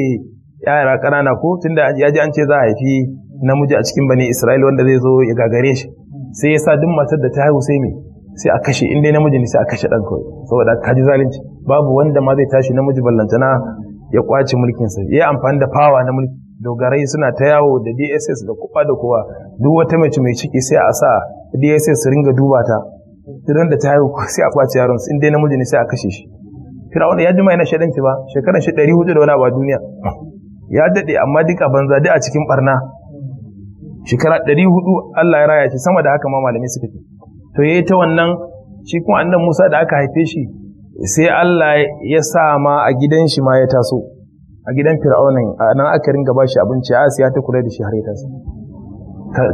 yara kanana ko tunda ya ji an ce za a haifi namiji a cikin bani Isra'ila wanda zai zo ya gagare shi sai ya sa duk matar da ta haihu sai me sai a kashe in dai namiji ne sai a kashe dan kawai saboda kaji zalunci babu wanda ma zai tashi namiji ballantana ya kwace mulkinsa ya yi amfani da fawa na mulki dogarai suna ta yawo da dss da kuɓa da kowa duk wata mace mai ciki sai a sa dss su ringa duba ta idan da ta haihu sai a kwace yaron in dai namiji ne sai a kashe shi firawuna ya jima yana shaɗanci ba shekaran shi ɗari hudu da wani ba duniya ya daɗe amma duk a banza duk a cikin ɓarna shekara ɗari hudu allah ya raya shi sama da haka ma malamai suka ce to yayi ta wannan shi kuma annan musa da aka haife shi sai Allah ya sa ma a gidan shi ma ya taso a gidan fir'aunin nan aka ringa ba shi abinci a asiya ta kula da shi har ya taso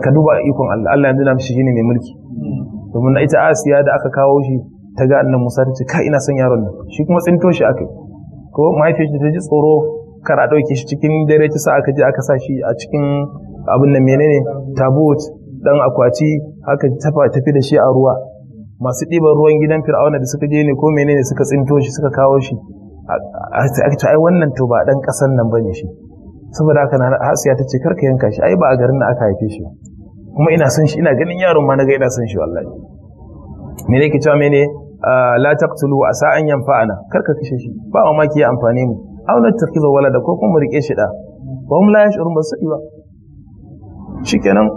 ka duba ikon Allah Allah yanzu na mishi shine mai mulki domin ita asiya da aka kawo shi ta ga annan musa ta ce ka ina son yaron nan shi kuma tsinto shi aka ko mahaifiyar shi ta ji tsoro kara dauke shi cikin dare ta sa aka je aka sa shi a cikin abin nan menene tabut dan akwati ta tafi da shi a ruwa masu ɗiban ruwan gidan fir'auna da suka je ne ko menene suka tsinto shi suka kawo shi a ce ai wannan to ba ɗan ƙasan nan bane shi saboda haka na hasiya ta ce karka yanka shi ai ba a garin na aka haife shi kuma ina son shi ina ganin yaron ma na ga ina son shi wallahi me ne ke cewa ne ah, la taqtulu sa an yanfa'ana karka kashe shi ba ma ya amfane mu aw nattakhidhu walada ko kuma rike shi da ba mu la yash'urun ba su ba shikenan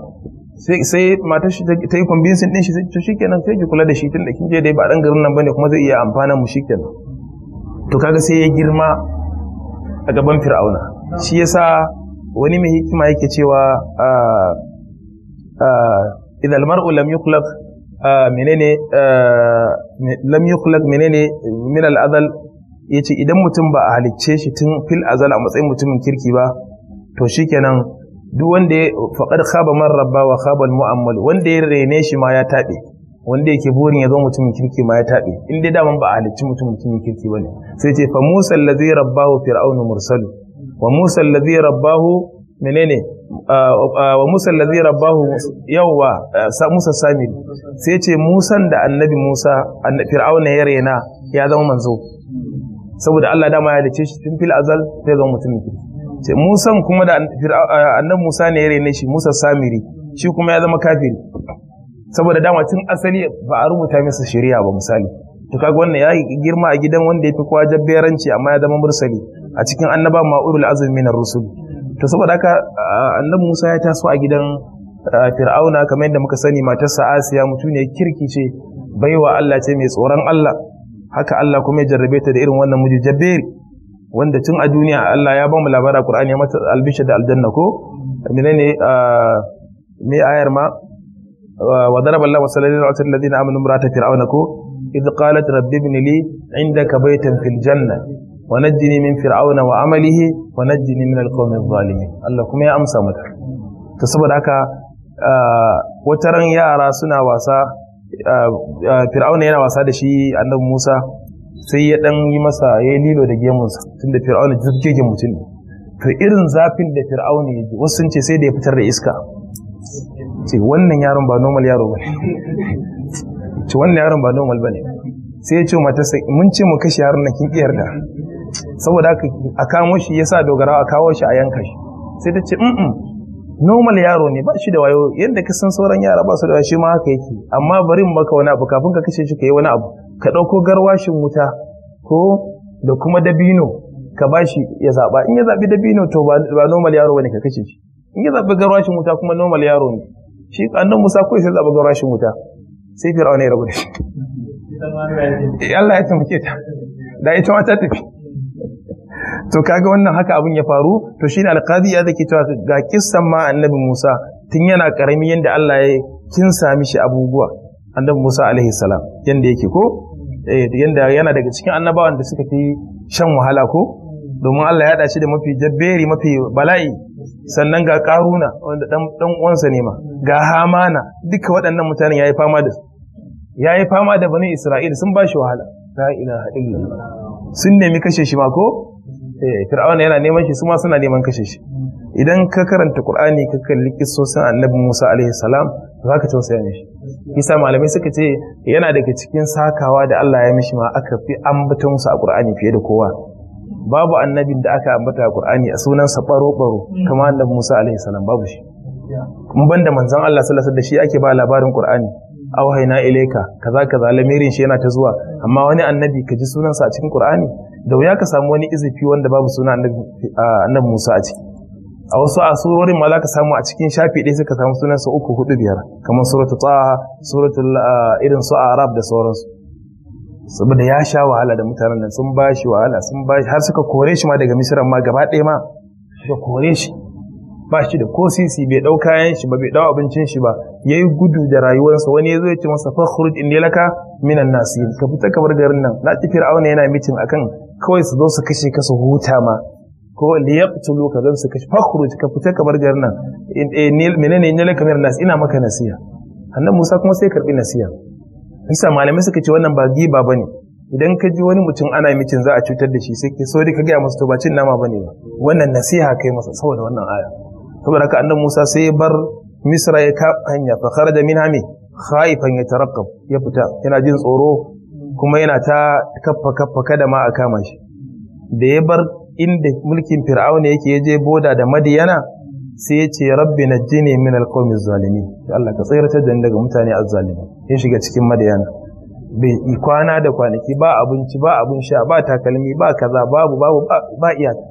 sai matar shi ta yi kwambinsin din shi sai to shikenan sai ki kula da shi tun da kin je dai ba dan garin nan bane kuma zai iya amfana mu shikenan to kaga sai ya girma a gaban fir'auna shi yasa wani mai hikima yake cewa ah, ah, idan almar'u lam yukhlaq ah, menene lam yukhlaq menene min yace idan mutum ba a halicce shi tun fil azal a matsayin mutumin kirki ba to shikenan duk wanda ya faɗar khaba man rabba wa khaba mu'ammal wanda ya rene shi ma ya taɓe wanda yake burin ya zo mutumin kirki ma ya taɓe in dai daman ba a halicci mutumin kirki bane sai ce fa musa allazi rabbahu fir'aun mursalu wa musa allazi rabbahu menene wa musa allazi rabbahu yawwa musa samir sai ce musan da annabi musa fir'auna ya rena ya zama manzo saboda Allah dama ya halicce shi tun fil azal sai zama mutumin kirki Musan kuma da annan Musa ne ya raine shi Musa Samiri shi kuma ya zama kafiri saboda dama tun asali ba a rubuta masa shari'a ba misali to kaga wannan ya girma a gidan wanda ya fi kowa jabberanci amma ya zama mursali a cikin annaba ma'urul azumi na rusul to saboda haka annabi Musa ya taso a gidan Fir'auna kamar yadda muka sani matarsa Asiya mutune ne kirki ce baiwa Allah ce mai tsoron Allah haka Allah kuma ya jarrabe ta da irin wannan mujijabberi wanda tun a duniya Allah ya bamu mu labara Qur'ani ya mata albishir da aljanna ko menene ah, me ayar ma ah, wa daraba Allah masalan lil asr alladhina amanu murata fir'auna ko idh qalat rabbi ibn li indaka baytan fil janna wa najjini min fir'auna wa amalihi wa najjini min alqawmi adh-dhalimin Allah kuma ya amsa mata to saboda haka ah, wataran yara suna wasa fir'auna yana wasa da shi annabi Musa sai ya dan yi masa ya yi lilo da gemunsa da fir'auna jirgin mutum ne to irin zafin da fir'auna ya ji wasu sun ce sai da ya fitar da iska ce wannan yaron ba normal yaro bane ce wannan yaron ba normal bane sai ya ce matarsa mun ce mu kashe yaron nan kin kiyar da saboda haka a kawo shi yasa dogara a kawo shi a yanka shi sai ta ce mm normal yaro ne ba shi da wayo yadda ka san sauran yara ba su da wayo shi ma haka yake amma bari mu baka wani abu kafin ka kashe shi ka yi wani abu ka ɗauko garwashin wuta ko da kuma dabino ka bashi ya zaɓa in ya zaɓi dabino to ba normal yaro bane ka kace shi in ya zaɓi garwashin wuta kuma normal yaro ne shi annan musa ko sai zaɓi garwashin wuta sai fir'auna ya rabu da shi eh, Allah ya taimake ta da ita ma ta tafi to kaga wannan haka abin ya faru to shine alqadi ya zaki cewa ga kissan ma annabi Musa tun yana karami yanda Allah ya kin sami shi abubuwa annabi Musa alaihi salam yanda yake ko eh, yanda yana daga cikin annabawan da suka fi shan wahala ko domin Allah ya dace da mafi jabberi mafi bala'i sannan ga karuna wanda dan uwansa ne ma ga hamana duka waɗannan mutanen yayi fama da yayi fama da bani Isra'ila sun bashi wahala la ilaha illallah sun nemi kashe shi ma ko eh fir'auna yana neman shi su ma suna neman kashe shi idan ka karanta qur'ani ka kalli kissosin annabi Musa alaihi salam zaka tausaya ne shi Isa malamai suka ce yana daga cikin sakawa da Allah ya mishi ma aka fi ambata musu a Qur'ani fiye da kowa. Babu annabin da aka ambata a Qur'ani a sunansa baro-baro kamar annab Musa alaihi salam babu shi. ban banda manzon Allah sallallahu alaihi da shi ake ba labarin Qur'ani. Auhaina ilaika kaza kaza lamirin shi yana ta zuwa amma wani annabi ka ji sunansa a cikin Qur'ani da wuya ka samu wani izifi wanda babu sunan annab Musa a ciki. a wasu asurorin ma za ka samu a cikin shafi ɗaya suka samu sunan sunansa uku hudu biyar kamar suratu taha suratul ah, irin su arab da sauransu saboda ya sha wahala da mutanen nan sun ba shi wahala sun ba shi har suka kore shi ma daga misiran ma gaba ɗaya ma suka kore shi ba shi da ko sisi bai ɗau kayan shi ba bai ɗau abincin shi ba ya yi gudu da rayuwarsa wani ya zo ya ce masa fa khuruj ya laka minan nasi ka fita ka bar garin nan na ci fir'auna yana mitin akan kawai su zo su kashe ka su huta ma ko liyaqtulu ka zan su kashi fakhruj ka fita ka bar garin nan eh, menene ne yalaka kamar nas ina maka nasiya annabi Musa kuma sai karbi nasiya bisa malamai suka ce wannan ba giba bane idan ka ji wani mutum ana mikin za a cutar da shi sai ke so ka gaya masa to ba cin nama bane ba wannan nasiha kai masa saboda wannan aya saboda haka annabi Musa sai bar Misra ya ka hanya fa kharaja min hami khaifan yatarakkab ya fita yana jin tsoro kuma yana ta kaffa kaffa kada ma a kama shi da ya bar inda mulkin fir'auna yake ya je boda da madiyana sai ya ce rabbi na jini min alqawmi zalimi Allah ka tsayar da daga mutane a zalimi ya shiga cikin madiyana bai kwana da kwanaki ba abinci ba abin sha ba takalmi ba kaza babu babu ba iyaka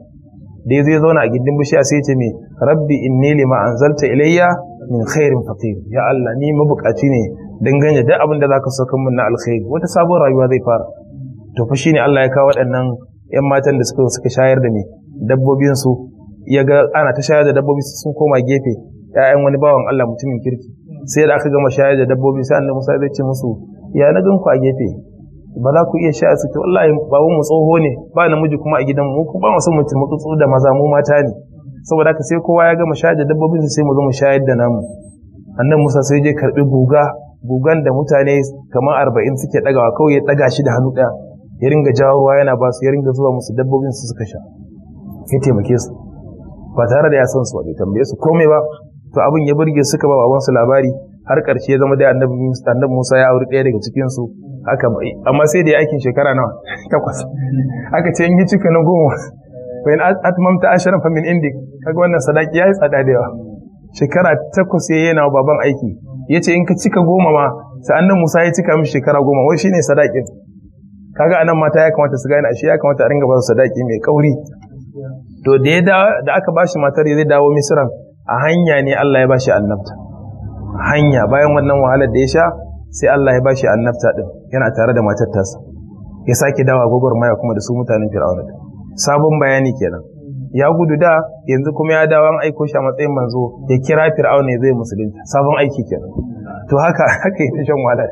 da ya zo ya zauna a gindin bishiya sai ya ce me rabbi inni lima anzalta ilayya min khairin faqir ya Allah ni mabukaci ne dangane da abin da zaka saukar min na alkhairi wata sabon rayuwa zai fara to fa shine Allah ya kawo waɗannan yan matan da suka suka shayar da me dabbobin su ya ga ana ta shayar da dabbobi sun koma gefe Ya'yan wani bawan Allah mutumin kirki sai da aka gama shayar da dabbobi sai Annabi Musa zai ce musu ya na ganku a gefe ba za ku iya shayar su to wallahi babun mu tsoho ne ba namiji kuma a gidan mu ba mu son mutum mutsutsu da maza mu mata ne saboda haka sai kowa ya gama shayar da dabbobin su sai mu zo mu shayar da namu Annabi Musa sai je karbi guga gugan da mutane kamar arba'in suke dagawa kawai ya daga shi da hannu ɗaya ya ringa jawo ruwa yana ba su ya ringa zuwa musu dabbobin su suka sha ya taimake su ba tare da ya san su bai tambaye su komai ba to abin ya burge suka ba babansu labari har karshe ya zama da annabi annabi Musa ya auri ɗaya daga cikin su haka amma sai da ya aikin shekara nawa [laughs] takwas aka ce in yi cika na goma bayan ta ashirin fa min indik kaga wannan sadaki ya yi tsada da yawa shekara takwas ya yana baban aiki yace in ka cika goma ma sai annabi Musa ya cika mishi shekara goma wai shine sadakin kaga anan mata ya kamata su gane ashe ya kamata a ringa ba su sadaki mai kauri to da da aka bashi matar zai dawo misran a hanya ne Allah ya bashi annabta hanya bayan wannan wahalar da ya sha sai Allah ya bashi annabta din yana tare da matar tasa ya sake dawa maya kuma da su mutanen fir'auna sabon bayani kenan ya gudu da yanzu kuma ya dawo an aiko shi a matsayin manzo ya kira fir'auna ya zai musulunta sabon aiki kenan to haka [laughs] haka yake shan wahalar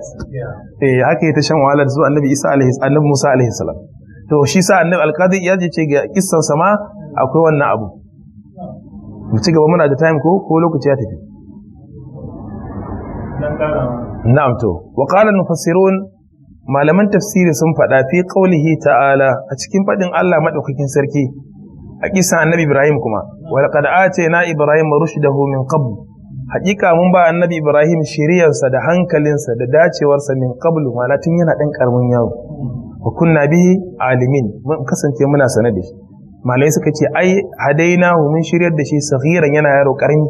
eh haka yake shan wahalar zuwa annabi Isa alaihi annabi Musa alaihi salam to shi sa annabi alqadi ya ce ga kissan sama akwai wannan abu mu ci gaba muna da time ko ko lokaci ya tafi na'am to wa qala mufassirun malaman tafsiri sun faɗa fi qaulihi ta'ala a cikin faɗin Allah madaukakin sarki a kisan annabi Ibrahim kuma wa laqad atayna ibrahima rushdahu min qabl hakika mun ba annabi ibrahim shiriyarsa da hankalinsa da dacewarsa min qablu mana tun yana dan karamin yaro wa kunna bihi alimin mun kasance muna sane da shi malai suka ce ai hadainahu mun shiryar da shi saghiran yana yaro karami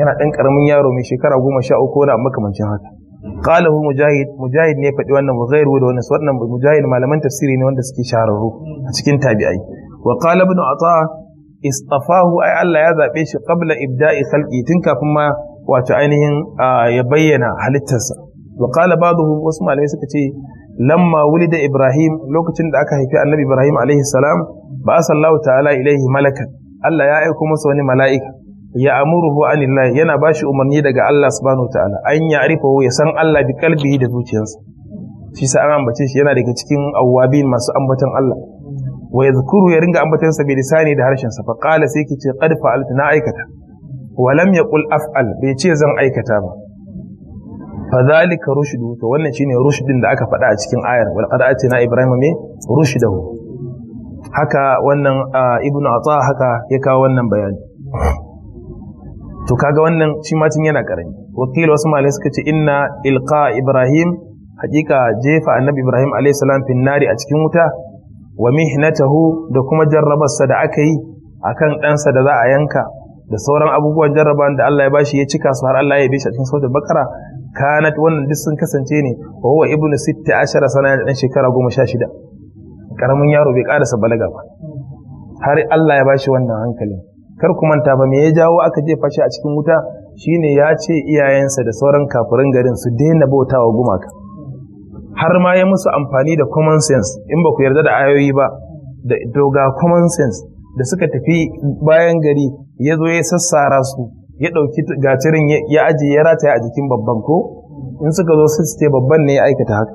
yana dan karamin yaro mai shekara goma sha uku da makamancin haka qala hu mujahid mujahid ne faɗi wannan wa ghairu da wannan wannan mujahid malaman tafsiri ne wanda suke shahararru a cikin tabi'ai wa qala ibn ata istafahu ai Allah ya zaɓe shi qabla ibda'i khalqi tun kafin ma wato ainihin ya bayyana halittarsa wa qala wasu malamai suka ce lamma wulida ibrahim lokacin da aka haifi annabi ibrahim alaihi salam ba sallahu ta'ala ilaihi malakan Allah ya aiko masa wani mala'ika ya amuruhu anillahi yana bashi umarni daga Allah subhanahu ta'ala an ya arifahu ya san Allah bi kalbihi da zuciyarsa shi sa an ambace shi yana daga cikin awwabin masu ambaton Allah wa yadhkuru ya ringa ambatan sa bi lisani da harshen sa fa qala sai ki ce qad fa'alta na aikata wa lam yaqul af'al bai ce zan aikata ba fa zalika rushdu to wannan shine rushdin da aka faɗa a cikin ayar wal qad atina ibrahima me rushdahu haka wannan ibnu ata haka ya kawo wannan bayani to kaga wannan shi ma tun yana karami wakil wasu malai suka ce inna ilqa ibrahim hakika jefa annabi ibrahim alayhi salam fin nari a cikin wuta wa mihnatahu da kuma jarrabarsa da aka yi akan ɗansa da za a yanka da sauran abubuwan jarraban da Allah ya bashi ya cika su har Allah ya bi shi a cikin bakara kanat wannan duk sun kasance ne wa huwa ibnu 16 sana dan shekara 16 karamin yaro bai karasa balaga ba har Allah ya bashi wannan hankalin kar ku manta ba me ya jawo aka jefa shi a cikin wuta shine ya ce iyayensa da sauran kafirin garin su daina bautawa gumaka har ma ya musu amfani da common sense in ba ku yarda da ayoyi ba da doga common sense da suka tafi bayan gari ya zo ya sassara su ya ɗauki gacirin ya ajiye ya rataya a jikin babban ko in suka zo su ce babban ne ya aikata haka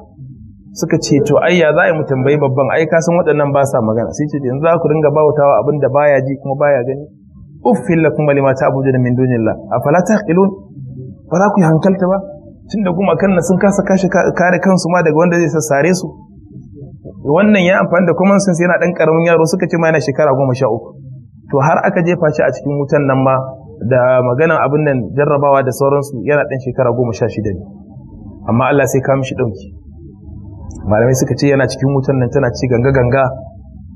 suka ce to ai ya za a yi mu tambayi babban ai ka san waɗannan ba sa magana sai ce yanzu za ku ringa bautawa abin da baya ji kuma baya gani uffin lakum lima ta'buduna min dunillah afala taqilun ba za ku yi hankalta ba tunda kuma nan sun kasa kare kansu ma daga wanda zai sassare su wannan ya amfani da common sense yana dan karamin yaro suka ce ma yana shekara goma sha uku to har aka jefa shi a cikin wutan nan ma da maganan abin nan jarrabawa da sauransu yana dan shekara goma sha shida ne amma Allah sai ka mishi ɗauki malamai suka ce yana cikin wutan nan tana ci ganga ganga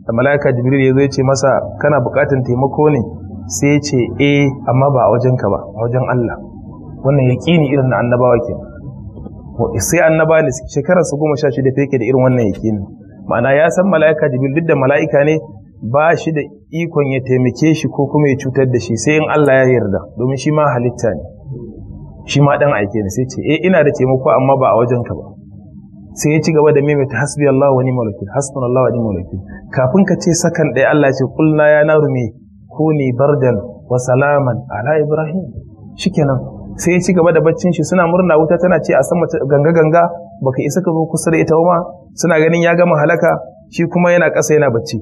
da mala'ika jibril ya zo ya ce masa kana buƙatar taimako ne sai ya ce eh amma ba a wajenka ba a wajen Allah wannan yaqini irin na annabawa ke sai annaba ne shekarar su goma sha shida yake da irin wannan yaqini ma'ana ya san mala'ika jibril duk da mala'ika ne ba shi da ikon ya taimake shi ko kuma ya cutar da shi sai in Allah ya yarda domin shi ma halitta ne shi ma ɗan aike ne sai ce eh ina da taimako amma ba a wajen ka ba sai ya ci gaba da maimaita hasbi Allah wa ni'mal hasbun Allah wani kafin ka ce sakan ɗaya Allah ce kulna ya naru me ni bardan wa salaman ala ibrahim shikenan sai ya ci gaba da baccin shi suna murna wuta tana ce a sama ganga ganga baka isa ka zo kusa da ita ma suna ganin ya gama halaka shi kuma yana ƙasa yana bacci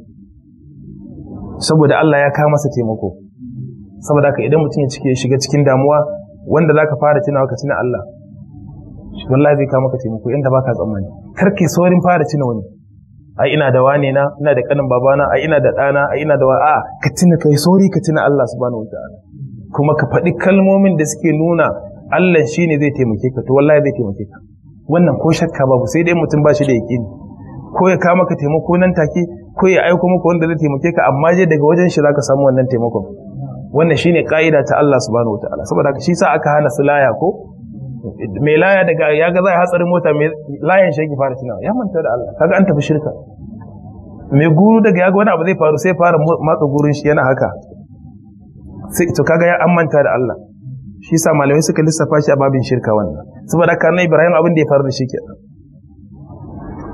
saboda Allah ya kawo masa taimako saboda ka idan mutum ya cike shiga cikin damuwa wanda zaka fara tunawa ka tuna Allah wallahi zai kawo maka taimako inda baka tsammani kar kai saurin fara tuna wani ai ina da wane na ina da kanin babana ai ina da ɗana ai ina da wa a ka tuna kai sauri ka tuna Allah subhanahu wataala kuma ka faɗi kalmomin da suke nuna Allah shi ne zai taimake ka to wallahi zai taimake ka wannan ko shakka babu sai dai mutum ba shi da yaƙini ko ya kawo maka taimako nan take ko ya aiko maka wanda zai taimake ka amma je daga wajen shi zaka samu wannan taimakon wannan shine ka'ida ta Allah subhanahu wataala saboda haka shi sa aka hana su laya ko mai laya daga ya ga zai hatsarin mota mai layan shi yake fara tunawa ya manta da Allah kaga an tafi shirka mai guru daga ya ga wani abu zai faru sai fara matsa gurin shi yana haka to kaga ya amanta da Allah shi sa malamai suka lissafa shi a babin shirka wannan saboda haka Ibrahim abin da ya faru da shi ke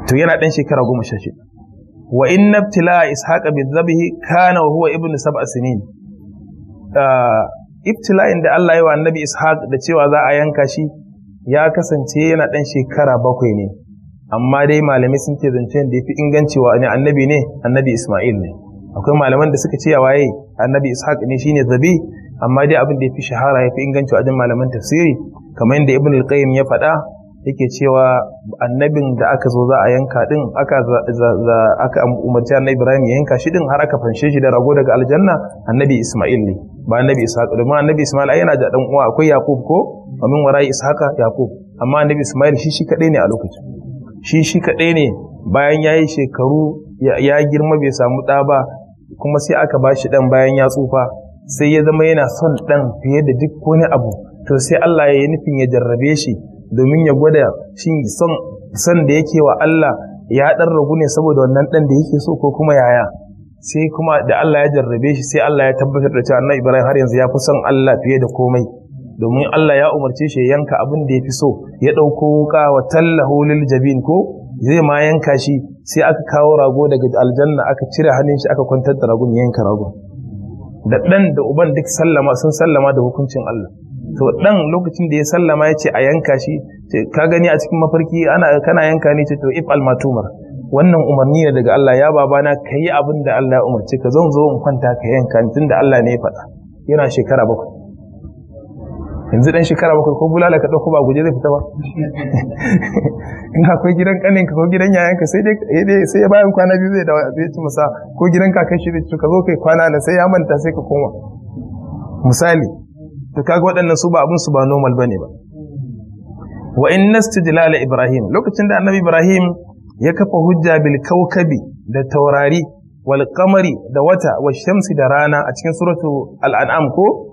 to yana dan shekara goma sha shida wa inna ibtila ishaqa bidhabihi kana huwa ibnu sab'a sinin ah, ibtila'in da Allah ya wa annabi ishaq da cewa za a yanka shi ya kasance yana dan shekara bakwai ne amma dai malamai sun ce zancen da ya fi ingancewa ne annabi ne annabi isma'il ne akwai malaman da suka ce a waye annabi ishaq ne shine zabi amma dai abin da yafi shahara yafi inganci wajen malaman tafsiri kamar yadda ibn al-qayyim ya faɗa yake cewa annabin da aka zo za a yanka din aka za aka umarci annabi ibrahim ya yanka shi din har aka fanshe shi da rago daga aljanna annabi isma'il ne ba annabi ishaq domin annabi isma'il ai yana da dan uwa akwai yaqub ko wa min wara'i ishaqa yaqub amma annabi isma'il shi shi kadai ne a lokacin shi shi kadai ne bayan yayi shekaru ya girma bai samu ɗa ba kuma sai aka ba shi ɗan bayan ya tsufa sai ya zama yana son ɗan fiye da duk wani abu to sai Allah ya yi nufin ya jarrabe shi domin ya gwada shin son son da yake wa Allah ya ɗan ragu ne saboda wannan ɗan da yake so ko kuma yaya sai kuma da Allah ya jarrabe shi sai Allah ya tabbatar da cewa Ibrahim har yanzu ya fi son Allah fiye da komai domin Allah ya umarce shi yanka abin da ya fi so ya ɗauko wuka wa tallahu lil jabin ko zai ma yanka shi sai aka kawo rago daga aljanna aka cire hannun shi aka kwantar da ragon yanka ragon da dan da uban duk sallama sun sallama da hukuncin Allah to dan lokacin da ya sallama ya ce a yanka shi ka gani a cikin mafarki ana kana yanka ne ce to if almatumar wannan umarni ne daga Allah ya babana ka yi abin da Allah ya umarci ka zan zo in kwanta ka yanka tun da Allah ne ya faɗa yana shekara bakwai yanzu dan shekara bakwai ko bulala ka dauko ba guje zai fita ba ina akwai gidan kanin ka ko gidan yayan ka sai dai sai bayan kwana biyu zai dawo zai ci masa ko gidan kakan shi zai ci ka zo kai kwana na sai ya manta sai ka koma misali to kaga waɗannan su ba abun su ba normal bane ba wa inna nastijlala ibrahim lokacin da annabi ibrahim ya kafa hujja bil kaukabi da taurari wal qamari da wata wa shamsi da rana a cikin suratu al ko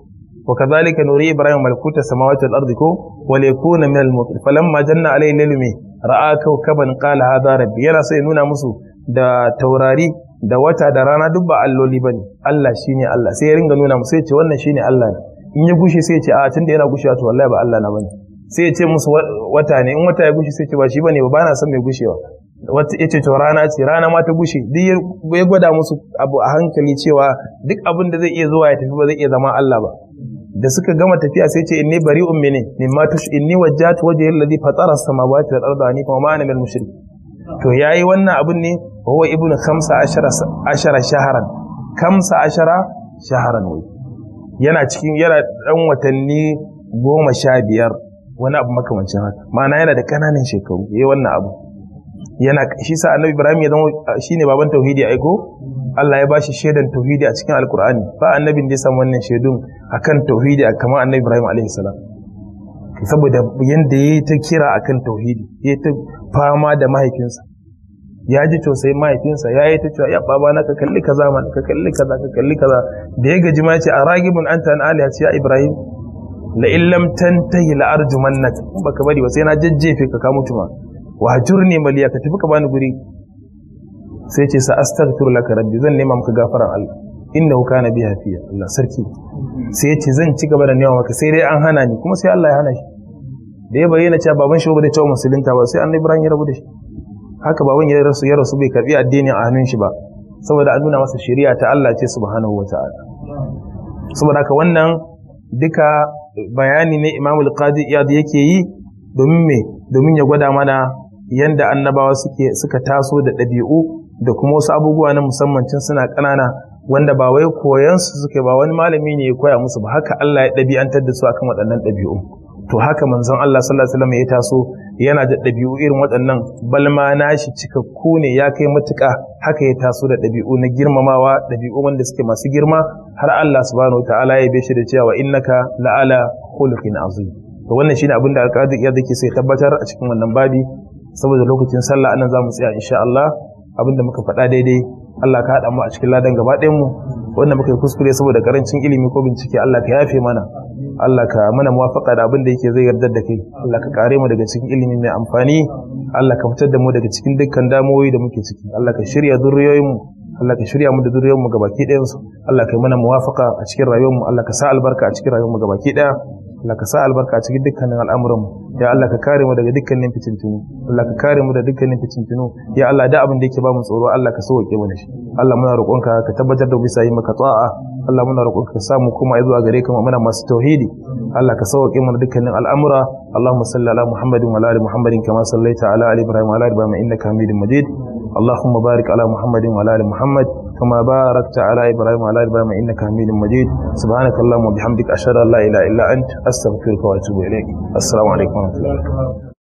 وكذلك نري ابراهيم ملكوت السماوات والارض كو وليكون من الموت فلما جن عليه الليل راى كوكبا قال هذا ربي يرى سينونا مسو دا توراري da wata da rana duk ba alloli bane Allah shine Allah sai ya ringa nuna musu sai ce wannan shine Allah ne in ya gushe sai ya ce a da yana gushewa to wallahi ba Allah na bane sai ya ce musu wata ne in wata ya gushe sai ya ce ba shi bane ba na son mai gushewa wata ya ce to rana ce rana ma ta gushe duk ya gwada musu abu a hankali cewa duk abin da zai iya zuwa ya tafi ba zai iya zama Allah ba da suka gama tafiya sai ce inni bari'un mini ma tush inni wajjatu wajhi alladhi fatara as-samawati wal arda anifa wa ma ana minal mushrik to yayi wannan abun ne huwa ibnu 15 ashara shaharan 15 ashara shaharan wai yana cikin yana dan watanni goma sha biyar wani abu makamancin haka ma'ana yana da kananan shekaru yayi wannan abu yana shi sa annabi ibrahim ya zama shine baban tauhidi aiko Allah ya bashi shaidan tauhidi a cikin alkur'ani ba annabin da ya samu wannan shaidun akan tauhidi a kamar annabi Ibrahim alaihi salam saboda yadda ya yi ta kira akan tauhidi ya ta fama da mahaifinsa ya ji tosai mahaifinsa ya yi ta cewa ya baba na ka kalli kaza man ka kalli kaza ka kalli kaza da ya gaji ma ya ce a ragibun anta an aliya ce ya Ibrahim la illam tantahi la ba baka bari ba sai na jajjefe ka ka wa ma ne maliya ka tafi ka bani guri sai ce sa astaghfiru laka rabbi zan nema maka gafaran Allah innahu kana bi hafiya Allah sarki sai ce zan ci gaba da nema maka sai dai an hana ni kuma sai Allah ya hana shi da ya bayyana cewa baban shi ba da tawo musulunta ba sai annabi Ibrahim ya rabu da shi haka baban ya rasu ya rasu bai karbi addinin a hannun shi ba saboda an nuna masa shari'a ta Allah ce subhanahu wata'ala saboda haka wannan duka bayani ne Imam Al-Qadi Iyad yake yi domin me domin ya gwada mana yanda annabawa suke suka taso da dabi'u. da kuma wasu abubuwa na musamman tun suna ƙanana wanda ba wai koyansu suke ba wani malami ne ya koya musu ba haka Allah ya ɗabi'antar da su akan waɗannan ɗabi'u to haka manzon Allah sallallahu alaihi wasallam ya taso yana da ɗabi'u irin waɗannan balma nashi cikakku ne ya kai matuƙa haka ya taso da ɗabi'u na girmamawa ɗabi'u wanda suke masu girma har Allah subhanahu ta'ala ya shi da cewa innaka la'ala khuluqin azim to wannan shine abin da alƙadi ya dake sai tabbatar a cikin wannan babi saboda lokacin sallah anan mu tsaya insha Allah abinda muka faɗa daidai Allah ka haɗa mu a cikin ladan gaba mu wanda muka yi kuskure saboda karancin ilimi ko bincike Allah ka yafe mana Allah ka mana muwafaqa da abin da yake zai yarda da kai Allah ka kare mu daga cikin ilimi mai amfani Allah ka fitar da mu daga cikin dukkan damuwoyi da muke ciki Allah ka shirya zurriyoyin mu Allah ka shirya mu da zuriyar gabaki ɗayan Allah ka yi mana muwafaqa a cikin rayuwar mu Allah ka sa albarka a cikin rayuwar mu gabaki ɗaya Allah ka sa albarka a cikin dukkanin al'amuranmu ya Allah ka kare mu daga dukkanin fitintunu Allah ka kare mu da dukkanin fitintunu ya Allah da abin da yake ba mu tsoro Allah ka sauke mu da shi Allah muna roƙonka ka tabbatar da bisa yi maka ta'a Allah muna roƙonka ka sa mu kuma zuwa gare ka muna masu tauhidi Allah ka sauke mu da dukkanin al'amura Allahumma salli ala Muhammadin wa ala ali Muhammadin kama sallaita ala ali Ibrahim wa ala ali Ibrahim innaka Hamidum Majid اللهم بارك على محمد وعلى ال محمد كما باركت على ابراهيم وعلى ال ابراهيم انك حميد مجيد سبحانك اللهم وبحمدك اشهد ان لا اله الا انت استغفرك واتوب اليك السلام عليكم ورحمه الله